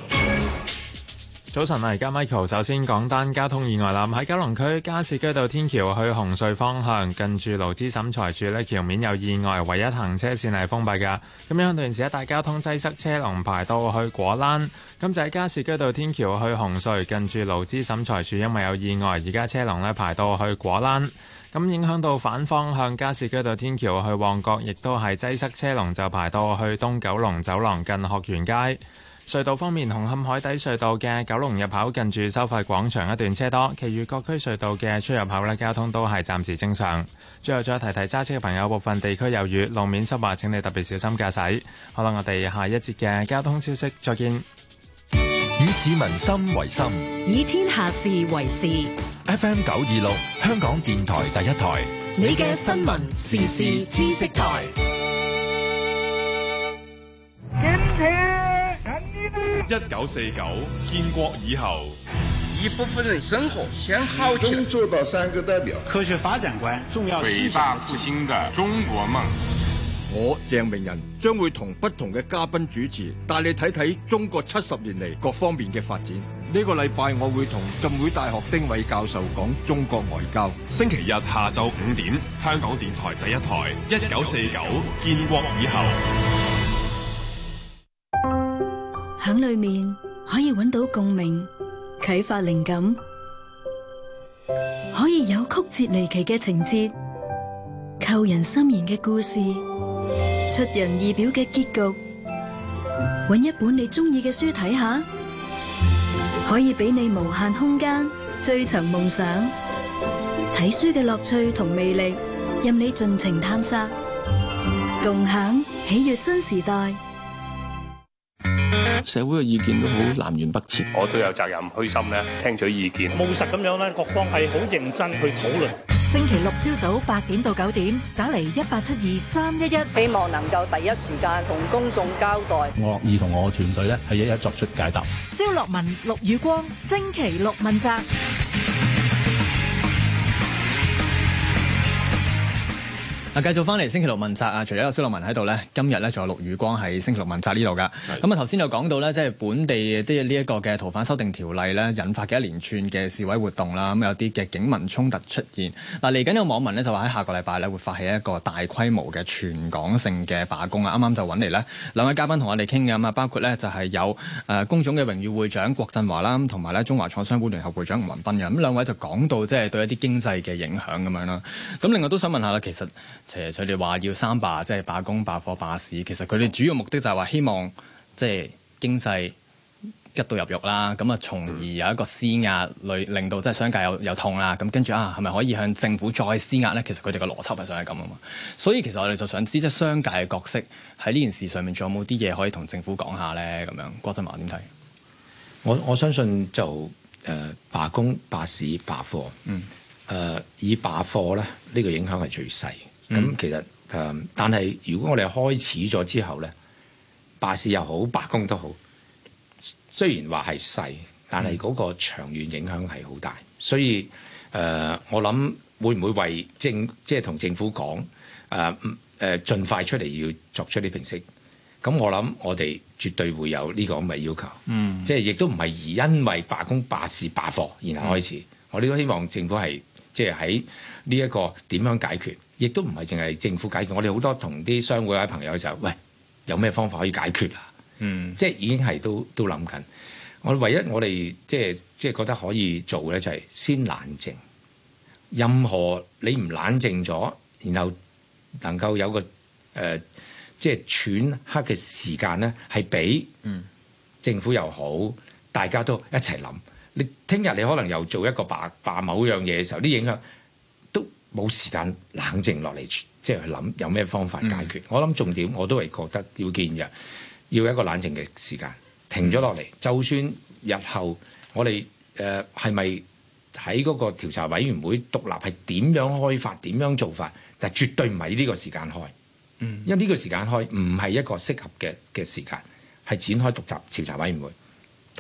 早晨來，而家 Michael。首先講單交通意外啦，喺九龍區加士居道天橋去紅隧方向，近住勞資審裁處呢橋面有意外，唯一行車線係封閉噶。咁樣段時間一帶交通擠塞，車龍排到去果欄。咁就喺加士居道天橋去紅隧，近住勞資審裁處，因為有意外，而家車龍呢排到去果欄。咁影響到反方向加士居道天橋去旺角，亦都係擠塞，車龍就排到去東九龍走廊近學園街。隧道方面，紅磡海底隧道嘅九龍入口近住收費廣場一段車多，其餘各區隧道嘅出入口呢，交通都係暫時正常。最後再提提揸車嘅朋友，部分地區有雨，路面濕滑，請你特別小心駕駛。好啦，我哋下一節嘅交通消息再見。以市民心為心，以天下事為事。F M 九二六，香港電台第一台，你嘅新聞時事知識台。停停一九四九建國以後，一部分人生活先好起來。做到三個代表，科學發展觀重要的，偉大復興的中國夢。我鄭明仁將會同不同嘅嘉賓主持，帶你睇睇中國七十年嚟各方面嘅發展。呢個禮拜我會同浸會大學丁偉教授講中國外交。星期日下晝五點，香港電台第一台一九四九建國以後。喺裏面可以揾到共鳴、啟發靈感，可以有曲折離奇嘅情節、扣人心弦嘅故事、出人意表嘅結局。揾一本你中意嘅書睇下，可以俾你無限空間追尋夢想。睇書嘅樂趣同魅力，任你盡情探索，共享喜悅新時代。社會嘅意見都好南轅北轍，我都有責任虛心咧，聽取意見，務實咁樣咧，各方係好認真去討論。星期六朝早八點到九點，打嚟一八七二三一一，希望能夠第一時間同公眾交代，我樂意同我團隊咧係一一作出解答。蕭洛汶、陸宇光，星期六問責。繼續翻嚟星期六問責啊！除咗有蕭洛汶喺度咧，今日咧仲有陸宇光喺星期六問責呢度噶。咁啊頭先就講到咧，即係本地啲呢一個嘅逃犯修訂條例咧，引發嘅一連串嘅示威活動啦。咁有啲嘅警民衝突出現。嗱，嚟緊有網民咧就話喺下個禮拜咧會發起一個大規模嘅全港性嘅罷工啊！啱啱就揾嚟呢兩位嘉賓同我哋傾嘅咁啊，包括咧就係有誒工總嘅榮譽會長郭振華啦，同埋咧中華廠商聯合會會長吳宏斌嘅。咁兩位就講到即係對一啲經濟嘅影響咁樣啦。咁另外都想問下啦，其實。其實佢哋話要三罷，即係罷工、罷課、罷市。其實佢哋主要目的就係話希望即係經濟一度入獄啦，咁啊，從而有一個施壓，令令到即係商界有有痛啦。咁跟住啊，係咪可以向政府再施壓咧？其實佢哋個邏輯係想係咁啊嘛。所以其實我哋就想知，即係商界嘅角色喺呢件事上面仲有冇啲嘢可以同政府講下咧？咁樣，郭振華點睇？我我，我相信就誒、呃、罷工、罷市、罷課。嗯。誒、呃，以罷課咧，呢、這個影響係最細。咁、嗯、其實誒，但係如果我哋開始咗之後呢，罷市又好，罷工都好，雖然話係細，但係嗰個長遠影響係好大。所以誒、呃，我諗會唔會為政即係同政府講誒誒，盡快出嚟要作出啲平息？咁我諗我哋絕對會有呢個咁嘅要求，即係亦都唔係而因為罷工、罷市、罷貨然後開始。嗯、我哋都希望政府係即係喺呢一個點樣解決。亦都唔係淨係政府解決，我哋好多同啲商會啊、朋友嘅時候，喂，有咩方法可以解決啊？嗯，即係已經係都都諗緊。我唯一我哋即係即覺得可以做嘅就係先冷靜。任何你唔冷靜咗，然後能夠有個誒、呃、即係喘息嘅時間呢係俾政府又好，大家都一齊諗。你聽日你可能又做一個辦辦某樣嘢嘅時候，啲影響。冇時間冷靜落嚟，即係去諗有咩方法解決。嗯、我諗重點我都係覺得要見嘅，要一個冷靜嘅時間停咗落嚟。就算日後我哋誒係咪喺嗰個調查委員會獨立，係點樣開發點樣做法，但係絕對唔係呢個時間開，嗯、因為呢個時間開唔係一個適合嘅嘅時間，係展開獨立調查委員會。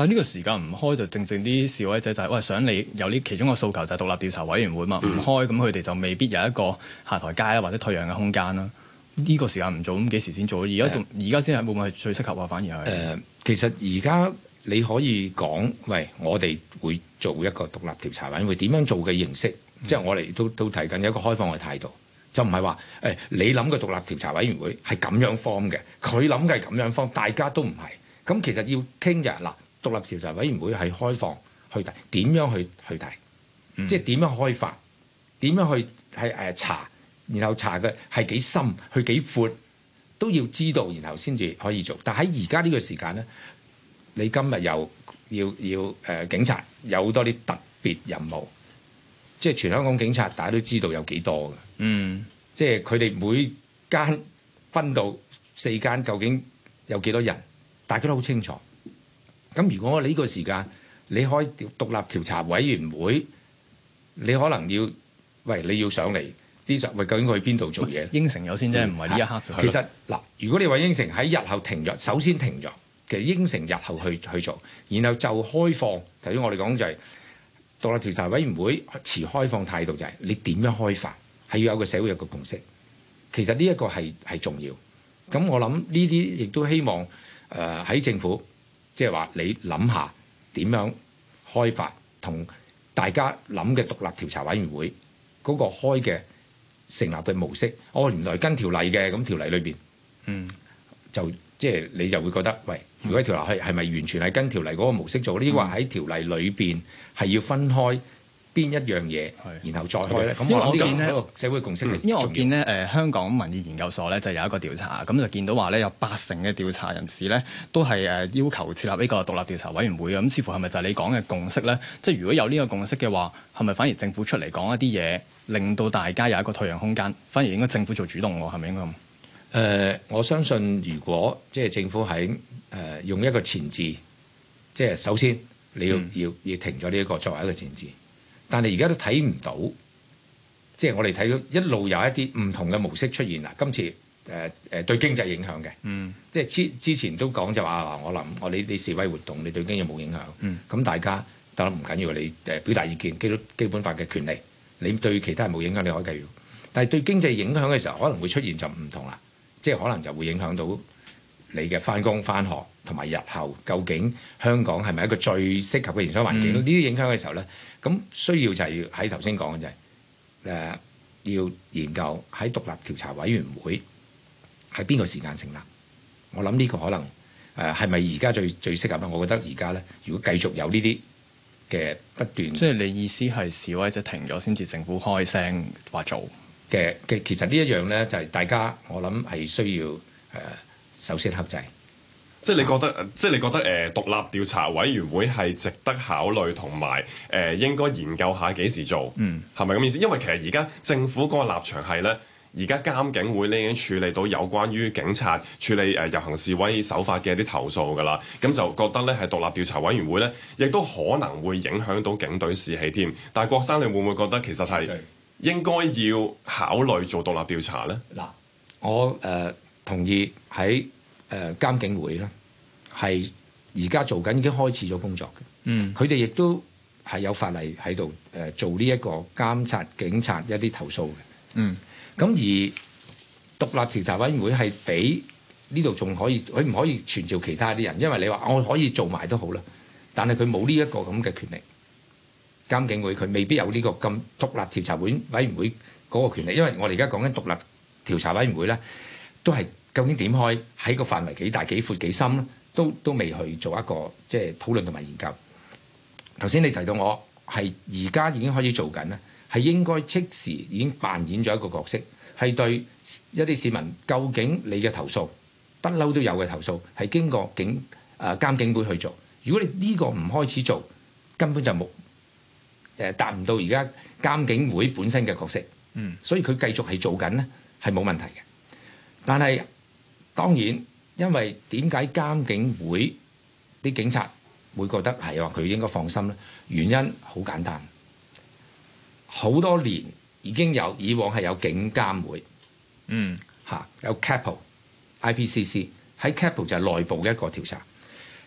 但呢個時間唔開就正正啲示威者就係、喂想你有呢其中個訴求就係獨立調查委員會嘛，唔、嗯、開咁佢哋就未必有一個下台階啦，或者退讓嘅空間啦。呢、呢個時間唔做咁幾時先做？而家而家先係會唔會係最適合啊？反而係誒，其實而家你可以講，喂，我哋會做一個獨立調查委員會點樣做嘅形式，即係、嗯、我哋都都提緊一個開放嘅態度，就唔係話誒你諗嘅獨立調查委員會係咁樣方嘅，佢諗嘅係咁樣方，大家都唔係咁。咁其實要傾就嗱。獨立調查委員會係開放去睇，點樣去去睇，嗯、即係點樣開發，點樣去係誒查，然後查嘅係幾深，去幾闊，都要知道，然後先至可以做。但喺而家呢個時間咧，你今日又要要誒、呃、警察有好多啲特別任務，即係全香港警察，大家都知道有幾多嘅，嗯，即係佢哋每間分到四間，究竟有幾多人，大家都好清楚。咁如果我呢個時間你開獨立調查委員會，你可能要喂，你要上嚟啲就喂，究竟去邊度做嘢？應承有先啫，唔係呢一刻。其實嗱，如果你話應承喺日後停咗，首先停咗，其實應承日後去去做，然後就開放。頭先我哋講就係獨立調查委員會持開放態度，就係，就係你點樣開放係要有一個社會有一個共識。其實呢一個係係重要。咁我諗呢啲亦都希望誒喺、呃、政府。即係話你諗下點樣開發同大家諗嘅獨立調查委員會嗰個開嘅成立嘅模式，我、哦、原來跟條例嘅咁條例裏邊，嗯就，就即、係、係你就會覺得，喂，如果條例係係咪完全係跟條例嗰個模式做？呢啲話喺條例裏邊係要分開。邊一樣嘢，然後再開咧。因為我見咧社會共識，因為我見呢誒香港民意研究所咧就有一個調查，咁就見到話咧有八成嘅調查人士咧都係誒要求設立呢個獨立調查委員會嘅咁、嗯，似乎係咪就係你講嘅共識咧？即係如果有呢個共識嘅話，係咪反而政府出嚟講一啲嘢，令到大家有一個退讓空間？反而應該政府做主動喎，係咪應該咁？誒、呃，我相信如果即係政府喺誒、呃、用一個前置，即係首先你要、嗯、要要停咗呢一個作為一個前置。但係而家都睇唔到，即係我哋睇到一路有一啲唔同嘅模式出現啦。今次誒誒、呃呃、對經濟影響嘅，嗯、即係之之前都講就話嗱，我諗我你你示威活動你對經濟冇影響，咁、嗯、大家得唔緊要？你誒表達意見，基基本法嘅權利，你對其他人冇影響，你可以繼續。但係對經濟影響嘅時候，可能會出現就唔同啦，即係可能就會影響到你嘅返工返學同埋日後究竟香港係咪一個最適合嘅營商環境？呢啲、嗯、影響嘅時候咧。咁需要就係要喺頭先講嘅就係，誒、呃、要研究喺獨立調查委員會喺邊個時間成立？我諗呢個可能誒係咪而家最最適合咧？我覺得而家咧，如果繼續有呢啲嘅不斷，即係你意思係示威者停咗先至政府開聲話做嘅嘅。其實這呢一樣咧就係、是、大家我諗係需要誒、呃、首先克制。即係你覺得，啊、即係你覺得誒、呃、獨立調查委員會係值得考慮，同埋誒應該研究下幾時做，係咪咁意思？因為其實而家政府嗰個立場係咧，而家監警會咧已經處理到有關於警察處理誒、呃、遊行示威手法嘅一啲投訴噶啦，咁就覺得咧係獨立調查委員會咧，亦都可能會影響到警隊士氣添。但係郭生，你會唔會覺得其實係應該要考慮做獨立調查咧？嗱、嗯，我誒、呃、同意喺。誒監警會啦，係而家做緊已經開始咗工作嘅。嗯，佢哋亦都係有法例喺度誒做呢一個監察警察一啲投訴嘅。嗯，咁而獨立調查委員會係俾呢度仲可以，佢唔可以傳召其他啲人，因為你話我可以做埋都好啦，但係佢冇呢一個咁嘅權力。監警會佢未必有呢個咁獨立調查委員會嗰個權力，因為我哋而家講緊獨立調查委員會咧，都係。究竟點開喺個範圍幾大幾闊幾深咧？都都未去做一個即係討論同埋研究。頭先你提到我係而家已經開始做緊咧，係應該即時已經扮演咗一個角色，係對一啲市民究竟你嘅投訴不嬲都有嘅投訴，係經過警啊監警會去做。如果你呢個唔開始做，根本就冇誒達唔到而家監警會本身嘅角色。嗯，所以佢繼續係做緊咧，係冇問題嘅。但係。當然，因為點解監警會啲警察會覺得係話佢應該放心咧？原因好簡單，好多年已經有以往係有警監會，嗯，吓有 CAPO、IPCC，喺 CAPO 就係內部嘅一個調查，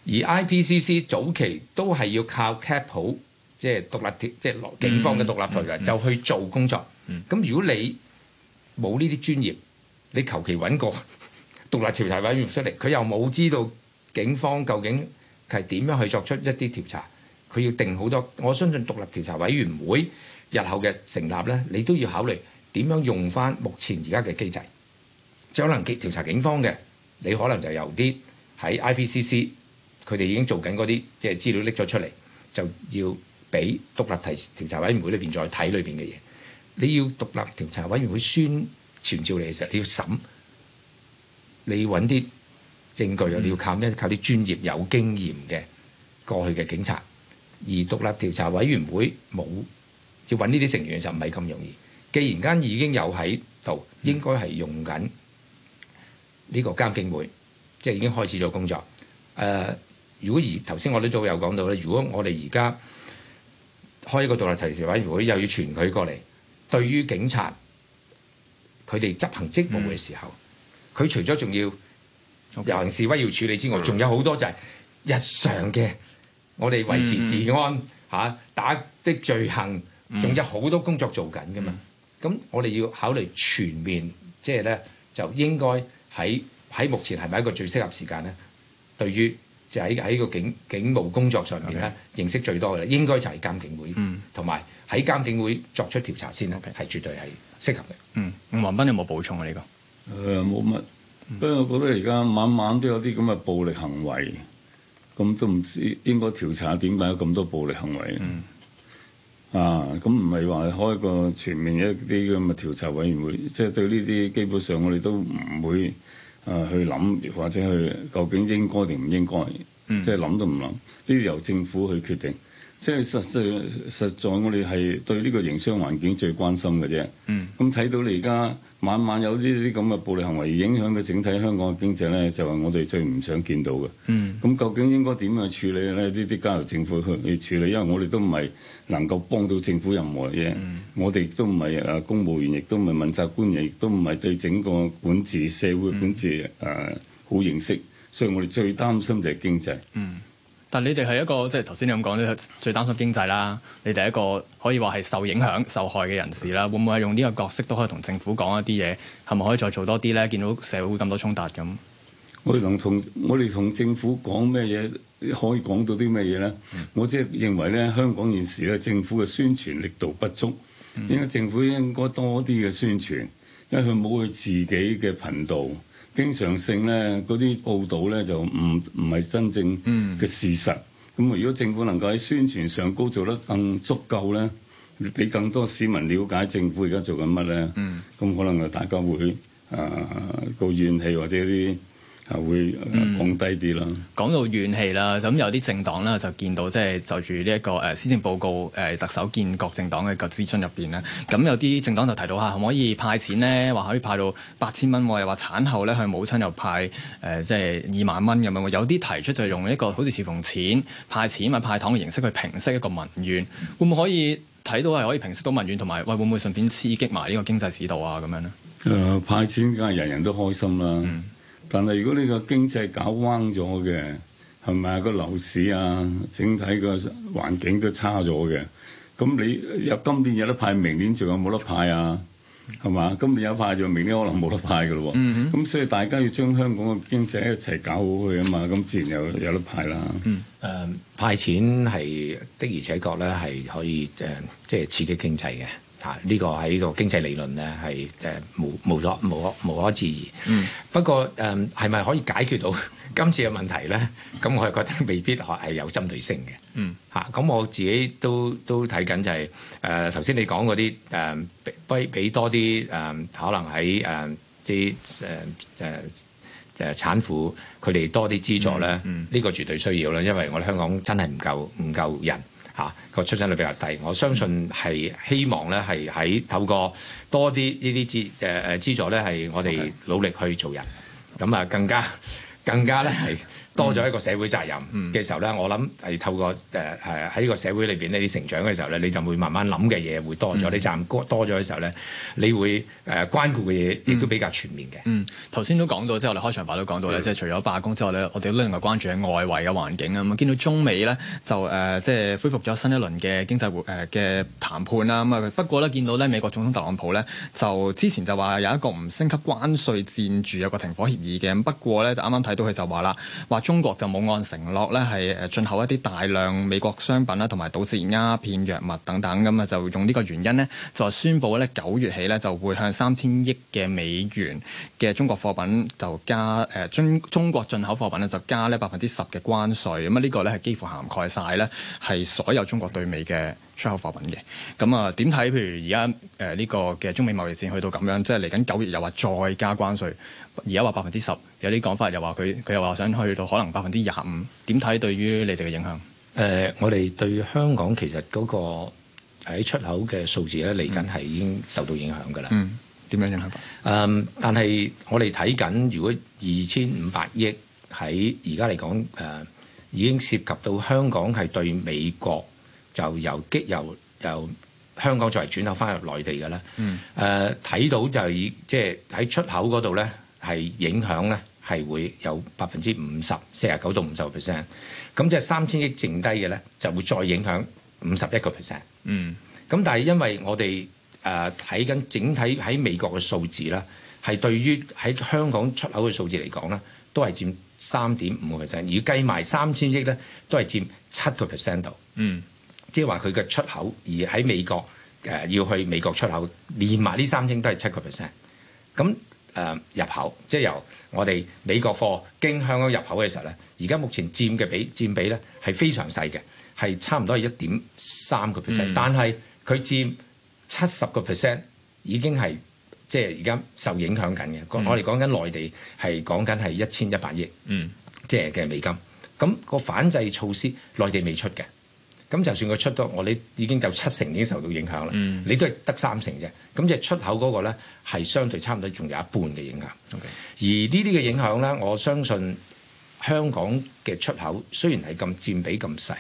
而 IPCC 早期都係要靠 CAPO 即係獨立調，即係警方嘅獨立團隊就去做工作。咁如果你冇呢啲專業，你求其揾個獨立調查委員出嚟，佢又冇知道警方究竟係點樣去作出一啲調查，佢要定好多。我相信獨立調查委員會日後嘅成立呢，你都要考慮點樣用返目前而家嘅機制，即係可能調調查警方嘅，你可能就由啲喺 IPCC 佢哋已經做緊嗰啲即係資料拎咗出嚟，就要俾獨立調調查委員會裏邊再睇裏邊嘅嘢。你要獨立調查委員會宣傳召你嘅時候，你要審。你揾啲證據，你要靠咩？靠啲專業有經驗嘅過去嘅警察，嗯、而獨立調查委員會冇要揾呢啲成員，就唔係咁容易。既然間已經有喺度，應該係用緊呢個監警會，嗯、即係已經開始咗工作。誒、呃，如果而頭先我都都有講到咧，如果我哋而家開一個獨立調查委員會，又要傳佢過嚟，對於警察佢哋執行職務嘅時候。嗯佢除咗仲要遊行示威要處理之外，仲 Okay. 有好多就係日常嘅，我哋維持治安嚇、嗯啊、打的罪行，仲、嗯、有好多工作做緊嘅嘛。咁、嗯、我哋要考慮全面，即係咧，就應該喺喺目前係咪一個最適合的時間咧？對於就喺喺個警警務工作上面咧，Okay. 認識最多嘅咧，應該就係監警會，同埋喺監警會作出調查先啦，係 Okay. 絕對係適合嘅。嗯，吳宏斌有冇補充啊？呢個。誒冇乜，不過、嗯、我覺得而家晚晚都有啲咁嘅暴力行為，咁都唔知應該調查點解有咁多暴力行為。嗯、啊，咁唔係話開個全面一啲咁嘅調查委員會，即係對呢啲基本上我哋都唔會誒去諗，或者去究竟應該定唔應該，即係諗都唔諗，呢啲由政府去決定。即係實在實在，實在我哋係對呢個營商環境最關心嘅啫。嗯，咁睇到你而家晚晚有呢啲咁嘅暴力行為，影響嘅整體香港嘅經濟咧，就係、是、我哋最唔想見到嘅。嗯，咁究竟應該點樣處理咧？呢啲交由政府去處理，因為我哋都唔係能夠幫到政府任何嘢。嗯、我哋都唔係誒公務員，亦都唔係問責官員，亦都唔係對整個管治社會管治誒、嗯呃、好認識，所以我哋最擔心就係經濟。嗯。但你哋係一個即係頭先你咁講咧，你最擔心經濟啦。你哋一個可以話係受影響、受害嘅人士啦，會唔會係用呢個角色都可以同政府講一啲嘢？係咪可以再做多啲咧？見到社會咁多衝突咁，我哋同我哋同政府講咩嘢，可以講到啲咩嘢咧？嗯、我即係認為咧，香港現時咧，政府嘅宣傳力度不足，因為政府應該多啲嘅宣傳，因為佢冇佢自己嘅頻道。經常性呢嗰啲報導呢，就唔唔係真正嘅事實。咁、嗯、如果政府能夠喺宣傳上高做得更足夠呢，俾更多市民了解政府而家做緊乜呢？咁、嗯、可能大家會啊、呃那個怨氣或者啲。會降、呃、低啲啦、嗯。講到怨氣啦，咁有啲政黨咧就見到即係就住、是、呢、這個呃呃、一個誒施政報告誒特首見各政黨嘅個諮詢入邊咧，咁有啲政黨就提到下可唔可以派錢呢？話可以派到八千蚊，又話產後咧佢母親又派誒即係二萬蚊咁樣。有啲提出就用一個好似侍奉錢派錢嘛，派糖嘅形式去平息一個民怨。會唔可以睇到係可以平息到民怨？同埋喂，會唔會順便刺激埋呢個經濟市道啊？咁樣呢，誒、呃、派錢梗係人人都開心啦。嗯。但係如果你個經濟搞彎咗嘅，係咪啊？個樓市啊，整體個環境都差咗嘅，咁你又今年有得派，明年仲有冇得派啊？係嘛，今年有派就明年可能冇得派噶咯喎。咁、嗯嗯、所以大家要將香港嘅經濟一齊搞好佢啊嘛，咁自然又有得派啦。誒、嗯呃、派錢係的而且確咧係可以誒、呃，即係刺激經濟嘅。啊！呢個喺個經濟理論咧，係誒無無所無可無可置疑。嗯。不過誒係咪可以解決到今次嘅問題咧？咁我係覺得未必係有針對性嘅。嗯。嚇！咁我自己都都睇緊就係誒頭先你講嗰啲誒俾俾多啲誒可能喺誒啲誒誒誒產婦佢哋多啲資助咧。嗯。呢個絕對需要啦，因為我哋香港真係唔夠唔夠人。個出生率比較低，我相信係希望咧係喺透過多啲呢啲資誒誒資助咧係我哋努力去做人。噉啊，更加更加咧係。多咗一個社會責任嘅時候咧，嗯、我諗係透過喺呢、呃、個社會裏面呢你成長嘅時候咧，你就會慢慢諗嘅嘢會多咗。嗯、你責任多咗嘅時候咧，你會誒、呃、關顧嘅嘢亦都比較全面嘅。嗯，頭先都講到，即、就、係、是、我哋開場白都講到咧，嗯、即係除咗罷工之外咧，我哋都能夠關注喺外圍嘅環境啊。咁、嗯、見到中美咧就、呃、即係恢復咗新一輪嘅經濟活嘅談判啦。咁、嗯、啊，不過咧見到咧美國總統特朗普咧就之前就話有一個唔升級關稅戰住有個停火協議嘅。不過咧就啱啱睇到佢就話啦，話。中國就冇按承諾咧，係誒進口一啲大量美國商品啦，同埋倒泄鴉片藥物等等咁啊，就用呢個原因咧，就宣佈咧九月起咧就會向三千億嘅美元嘅中國貨品就加誒、呃、中中國進口貨品咧就加呢百分之十嘅關稅，咁啊呢個咧係幾乎涵蓋晒咧係所有中國對美嘅出口貨品嘅，咁啊點睇？譬如而家誒呢個嘅中美貿易戰去到咁樣，即係嚟緊九月又話再加關稅，而家話百分之十，有啲講法又，又話佢佢又話想去到可能百分之廿五，點睇對於你哋嘅影響？誒、呃，我哋對香港其實嗰個喺出口嘅數字咧，嚟緊係已經受到影響噶啦。嗯，點樣影響？誒、呃，但係我哋睇緊，如果二千五百億喺而家嚟講誒，已經涉及到香港係對美國。就由激由由香港作為轉口翻入內地嘅咧，誒睇、嗯呃、到就已即係喺出口嗰度咧，係影響咧係會有百分之五十，四十九到五十個 percent，咁即係三千億淨低嘅咧就會再影響五十一個 percent。嗯，咁但係因為我哋誒睇緊整體喺美國嘅數字啦，係對於喺香港出口嘅數字嚟講咧，都係佔三點五個 percent，而計埋三千億咧都係佔七個 percent 度。嗯。即係話佢嘅出口而喺美國誒、呃、要去美國出口連埋呢三億都係七個 percent。咁誒、呃、入口即係由我哋美國貨經香港入口嘅時候咧，而家目前佔嘅比佔比咧係非常細嘅，係差唔多係一點三個 percent。Mm. 但係佢佔七十個 percent 已經係即係而家受影響緊嘅。我哋講緊內地係講緊係一千一百億，嗯，即係嘅美金。咁、mm. 個反制措施內地未出嘅。咁就算佢出到，我哋已經就七成已經受到影響啦。嗯、你都係得三成啫。咁即係出口嗰個咧，係相對差唔多仲有一半嘅影響。Okay. 而呢啲嘅影響呢，我相信香港嘅出口雖然係咁佔比咁細，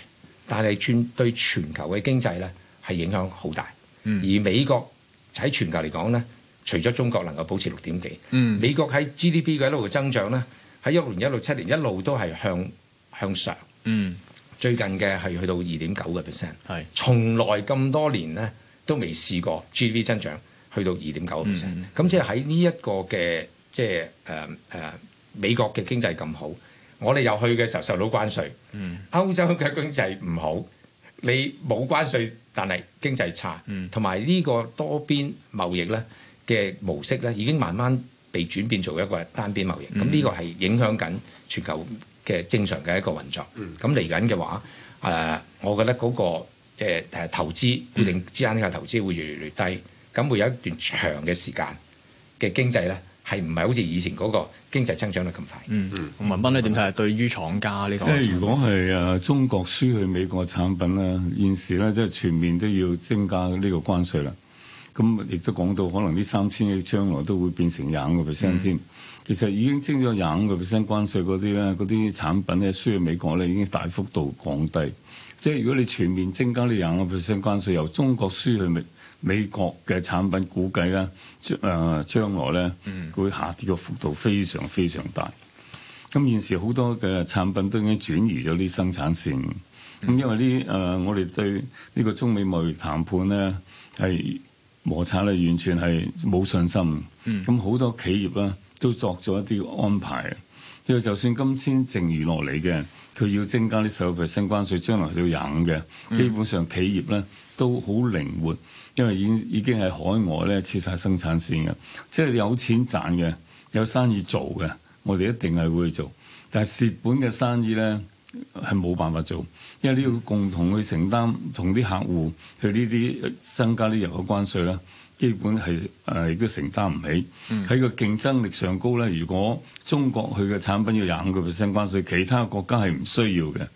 但係全對全球嘅經濟呢，係影響好大。嗯、而美國喺全球嚟講呢，除咗中國能夠保持六點幾，嗯、美國喺 GDP 嘅一路嘅增長呢，喺一六年、一六七年一路都係向向上。嗯。最近嘅係去到二點九個 percent，係從來咁多年咧都未試過 GDP 增長去到二點九個 percent，咁即係喺呢一個嘅即係誒誒美國嘅經濟咁好，我哋又去嘅時候受到關稅，嗯，歐洲嘅經濟唔好，你冇關稅但係經濟差，同埋呢個多邊貿易咧嘅模式咧已經慢慢被轉變做一個單邊貿易，咁呢、嗯、個係影響緊全球。正常嘅一個運作，咁嚟緊嘅話，誒，我覺得嗰個即係誒投資固定資產呢個投資會越嚟越低，咁會有一段長嘅時間嘅經濟咧，係唔係好似以前嗰個經濟增長得咁快的嗯？嗯嗯，吳宏斌咧點睇啊？對於廠家呢個，如果係誒中國輸去美國產品咧，現時咧即係全面都要增加呢個關稅啦，咁亦都講到可能呢三千億將來都會變成廿五個 percent 添。嗯其實已經徵咗廿五個 percent 關稅嗰啲咧，嗰啲產品咧輸去美國咧已經大幅度降低。即係如果你全面增加呢廿五個 percent 關稅，由中國輸去美美國嘅產品，估計咧將誒、呃、將來咧佢會下跌嘅幅度非常非常大。咁現時好多嘅產品都已經轉移咗啲生產線。咁因為呢，誒、呃、我哋對呢個中美貿易談判咧係摩擦咧完全係冇信心。咁好、嗯、多企業啦。都作咗一啲安排，因為就算今天剩餘落嚟嘅，佢要增加啲十五嘅關稅，將來要廿五嘅，基本上企業呢都好靈活，因為已已經係海外呢設曬生產線嘅，即係有錢賺嘅，有生意做嘅，我哋一定係會做，但係蝕本嘅生意呢係冇辦法做，因為你要共同去承擔，同啲客戶去呢啲增加啲油嘅關稅啦。基本係誒亦都承擔唔起，喺個、嗯、競爭力上高咧。如果中國佢嘅產品要廿五個 percent 關稅，其他國家係唔需要嘅。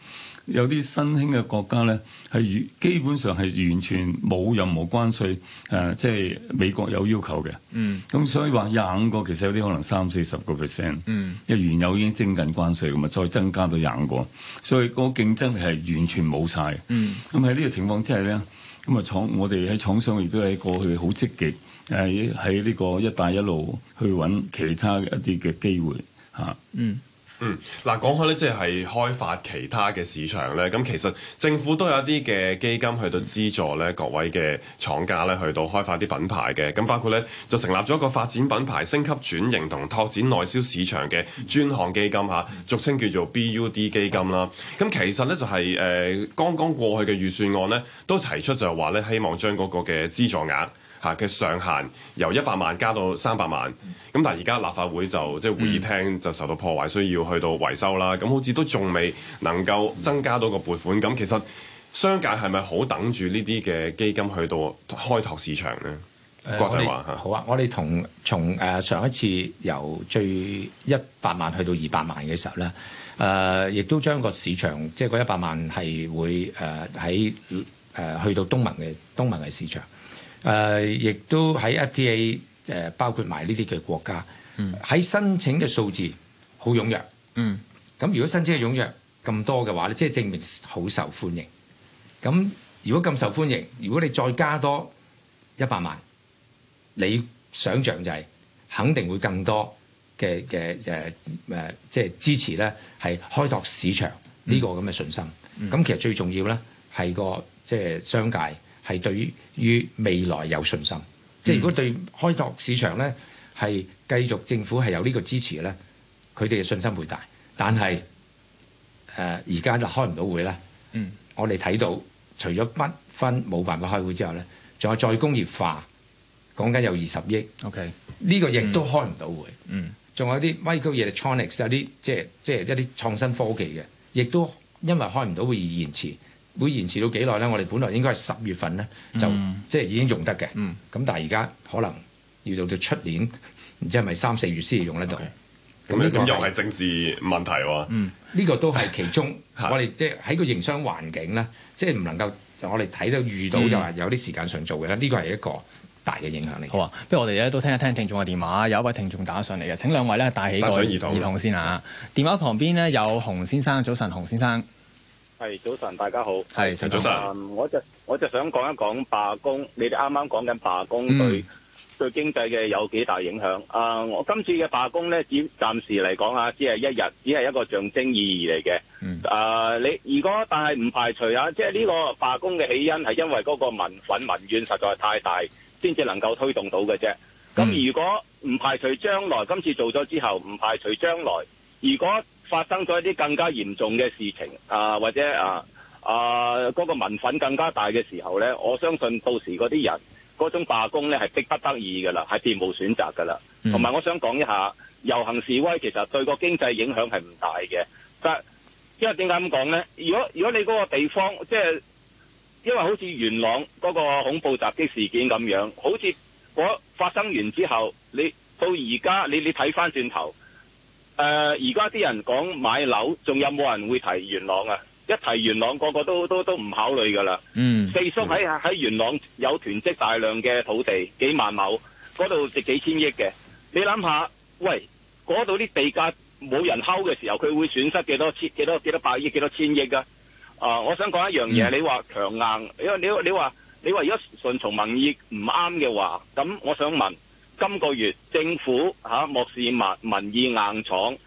有啲新興嘅國家咧係基本上係完全冇任何關稅誒、呃，即係美國有要求嘅。咁、嗯、所以話廿五個其實有啲可能三四十個 percent，因為原有已經徵緊關稅，咁咪，再增加到廿五個，所以個競爭力係完全冇曬。咁喺呢個情況之下咧。咁啊廠我哋喺廠商亦都喺過去好積極，喺喺呢個一帶一路去揾其他一啲嘅機會嚇。嗯嗯，嗱，講開咧，即係開發其他嘅市場咧，咁其實政府都有一啲嘅基金去到資助咧，各位嘅廠家咧去到開發啲品牌嘅，咁包括咧就成立咗一個發展品牌升級轉型同拓展內銷市場嘅專項基金嚇，俗稱叫做 BUD 基金啦。咁其實咧就係、是、誒、呃，剛剛過去嘅預算案咧都提出就係話咧，希望將嗰個嘅資助額嘅上限由一百萬加到三百萬，咁但係而家立法會就即係會議廳就受到破壞，需、嗯、要去到維修啦。咁好似都仲未能夠增加到個撥款。咁其實商界係咪好等住呢啲嘅基金去到開拓市場呢？郭生話吓：好啊！我哋同從誒、呃、上一次由最一百萬去到二百萬嘅時候咧，誒、呃、亦都將個市場即係個一百萬係會誒喺誒去到東盟嘅東盟嘅市場。誒，亦、呃、都喺 FTA 誒、呃，包括埋呢啲嘅國家，喺、嗯、申請嘅數字好踴躍。嗯，咁如果申請嘅踴躍咁多嘅話咧，即係證明好受歡迎。咁如果咁受歡迎，如果你再加多一百萬，你想像就係肯定會更多嘅嘅誒誒，即係支持咧，係開拓市場呢、嗯、個咁嘅信心。咁、嗯、其實最重要咧，係個即係商界係對於於未來有信心，即係如果對開拓市場咧，係繼續政府係有呢個支持咧，佢哋嘅信心會大。但係誒而家就開唔到會咧。嗯，我哋睇到除咗不分冇辦法開會之後咧，仲有再工業化講緊有二十億。OK，呢個亦都開唔到會。嗯，仲有啲 Microelectronics 有啲即係即係一啲創新科技嘅，亦都因為開唔到會而延遲。會延遲到幾耐咧？我哋本來應該係十月份咧，就、嗯、即係已經用得嘅。咁、嗯、但係而家可能要到到出年，唔知係咪三四月先用得到？咁 Okay. 樣咁又係政治問題喎？嗯，呢個都係其中 是的我哋即係喺個營商環境咧，即係唔能夠就我哋睇到遇到就話有啲時間上做嘅咧。呢個係一個大嘅影響力。好啊，不如我哋咧都聽一聽聽，聽眾嘅電話，有一位聽眾打上嚟嘅。請兩位咧帶起個耳筒先啊！電話旁邊咧有洪先生，早晨，洪先生。係，早晨，大家好。係陳，早晨、呃，我就我就想講一講罷工。你哋啱啱講緊罷工對、嗯、對經濟嘅有幾大影響？誒、呃，我今次嘅罷工咧，只暫時嚟講啊，只係一日，只係一個象徵意義嚟嘅。誒、嗯呃，你如果但係唔排除啊，即係呢個罷工嘅起因係因為嗰個民憤、民怨實在太大，先至能夠推動到嘅啫。咁、嗯、如果唔排除將來今次做咗之後，唔排除將來如果。發生咗一啲更加嚴重嘅事情啊，或者啊啊嗰、那個民憤更加大嘅時候呢，我相信到時嗰啲人嗰種罷工呢係逼不得已噶啦，係別無選擇噶啦。同埋、嗯、我想講一下游行示威，其實對個經濟影響係唔大嘅。但因為點解咁講呢？如果如果你嗰個地方即係、就是，因為好似元朗嗰個恐怖襲擊事件咁樣，好似我發生完之後，你到而家你你睇翻轉頭。誒，而家啲人講買樓，仲有冇人會提元朗啊？一提元朗，個個個都都都唔考慮噶啦。嗯，四叔喺喺元朗有囤積大量嘅土地，幾萬畝，嗰度值幾千億嘅。你諗下，喂，嗰度啲地價冇人吼嘅時候，佢會損失幾多,多,多,多千、啊、幾多幾多百億、幾多千億噶？啊，我想講一樣嘢，嗯、你話強硬，你你你話你話如果順從民意唔啱嘅話，咁我想問。今個月政府吓漠、啊、視民民意硬闖，誒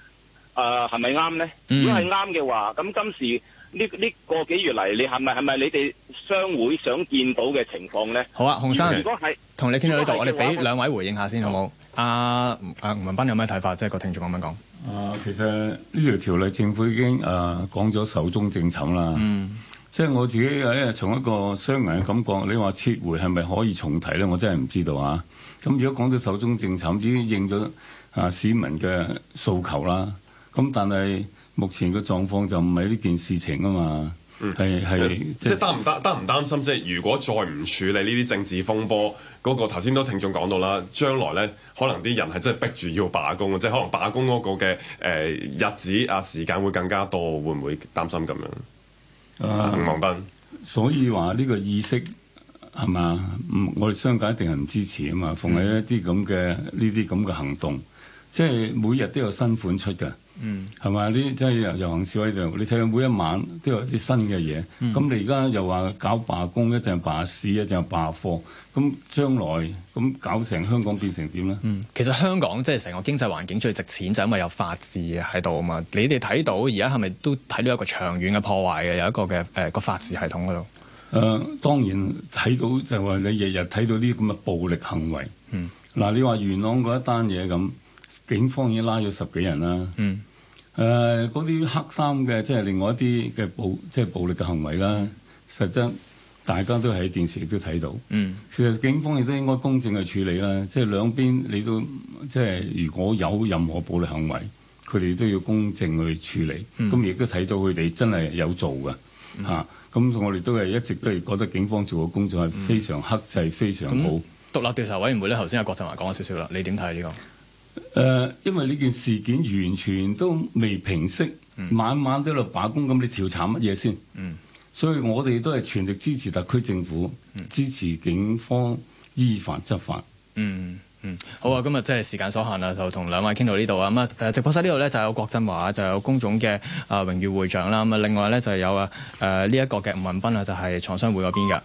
係咪啱呢、嗯、如果係啱嘅話，咁今時呢呢、這個這個幾月嚟，你係咪係咪你哋商會想見到嘅情況咧？好啊，洪生。如果係同你傾到呢度，我哋俾兩位回應下先、嗯、好唔好？阿阿吳宏斌有咩睇法？即係個聽眾咁樣講。啊，其實呢條條例政府已經誒講咗壽終正寢啦。嗯，即係我自己誒從一個商人嘅感覺，你話撤回係咪可以重提咧？我真係唔知道啊。咁如果講到壽終正寢，已經應咗啊市民嘅訴求啦。咁但係目前嘅狀況就唔係呢件事情啊嘛。嗯，係係，即係擔唔擔擔唔擔心？即係如果再唔處理呢啲政治風波，嗰、那個頭先都聽眾講到啦，將來咧可能啲人係真係逼住要罷工，即係可能罷工嗰個嘅誒、呃、日子啊時間會更加多，會唔會擔心咁樣？啊，宏斌、啊，所以話呢個意識。係嘛？我哋商界一定係唔支持啊嘛！逢係一啲咁嘅呢啲咁嘅行動，即係每日都有新款出嘅。嗯，係嘛？啲即係遊行示威就，你睇下每一晚都有啲新嘅嘢。嗯，咁你而家又話搞罷工，一陣罷市，一陣罷課。咁將來咁搞成香港變成點咧、嗯？其實香港即係成個經濟環境最值錢，就係因為有法治喺度啊嘛。你哋睇到而家係咪都睇到一個長遠嘅破壞嘅，有一個嘅誒個,個法治系統嗰度。誒、呃、當然睇到就係話你日日睇到啲咁嘅暴力行為，嗱、嗯啊、你話元朗嗰一單嘢咁，警方已經拉咗十幾人啦。誒嗰啲黑衫嘅即係另外一啲嘅暴即係、就是、暴力嘅行為啦，嗯、實質大家都喺電視亦都睇到。嗯、其實警方亦都應該公正去處理啦，即、就、係、是、兩邊你都即係、就是、如果有任何暴力行為，佢哋都要公正去處理。咁亦、嗯、都睇到佢哋真係有做㗎吓。嗯啊咁我哋都係一直都係覺得警方做嘅工作係非常克制、非常好。嗯、獨立調查委員會咧，頭先阿郭振華講咗少少啦，你點睇呢個？誒、呃，因為呢件事件完全都未平息，晚、嗯、晚都喺度罷工，咁你調查乜嘢先？嗯，所以我哋都係全力支持特區政府，嗯、支持警方依法執法。嗯。嗯，好啊，今日即係時間所限啊，就同兩位傾到呢度啊。咁啊，直播室呢度咧就有郭振華，就有工總嘅啊榮譽會長啦。咁啊，另外咧就有啊誒呢一個嘅吳宏斌啊，就係、是、廠商會嗰邊嘅。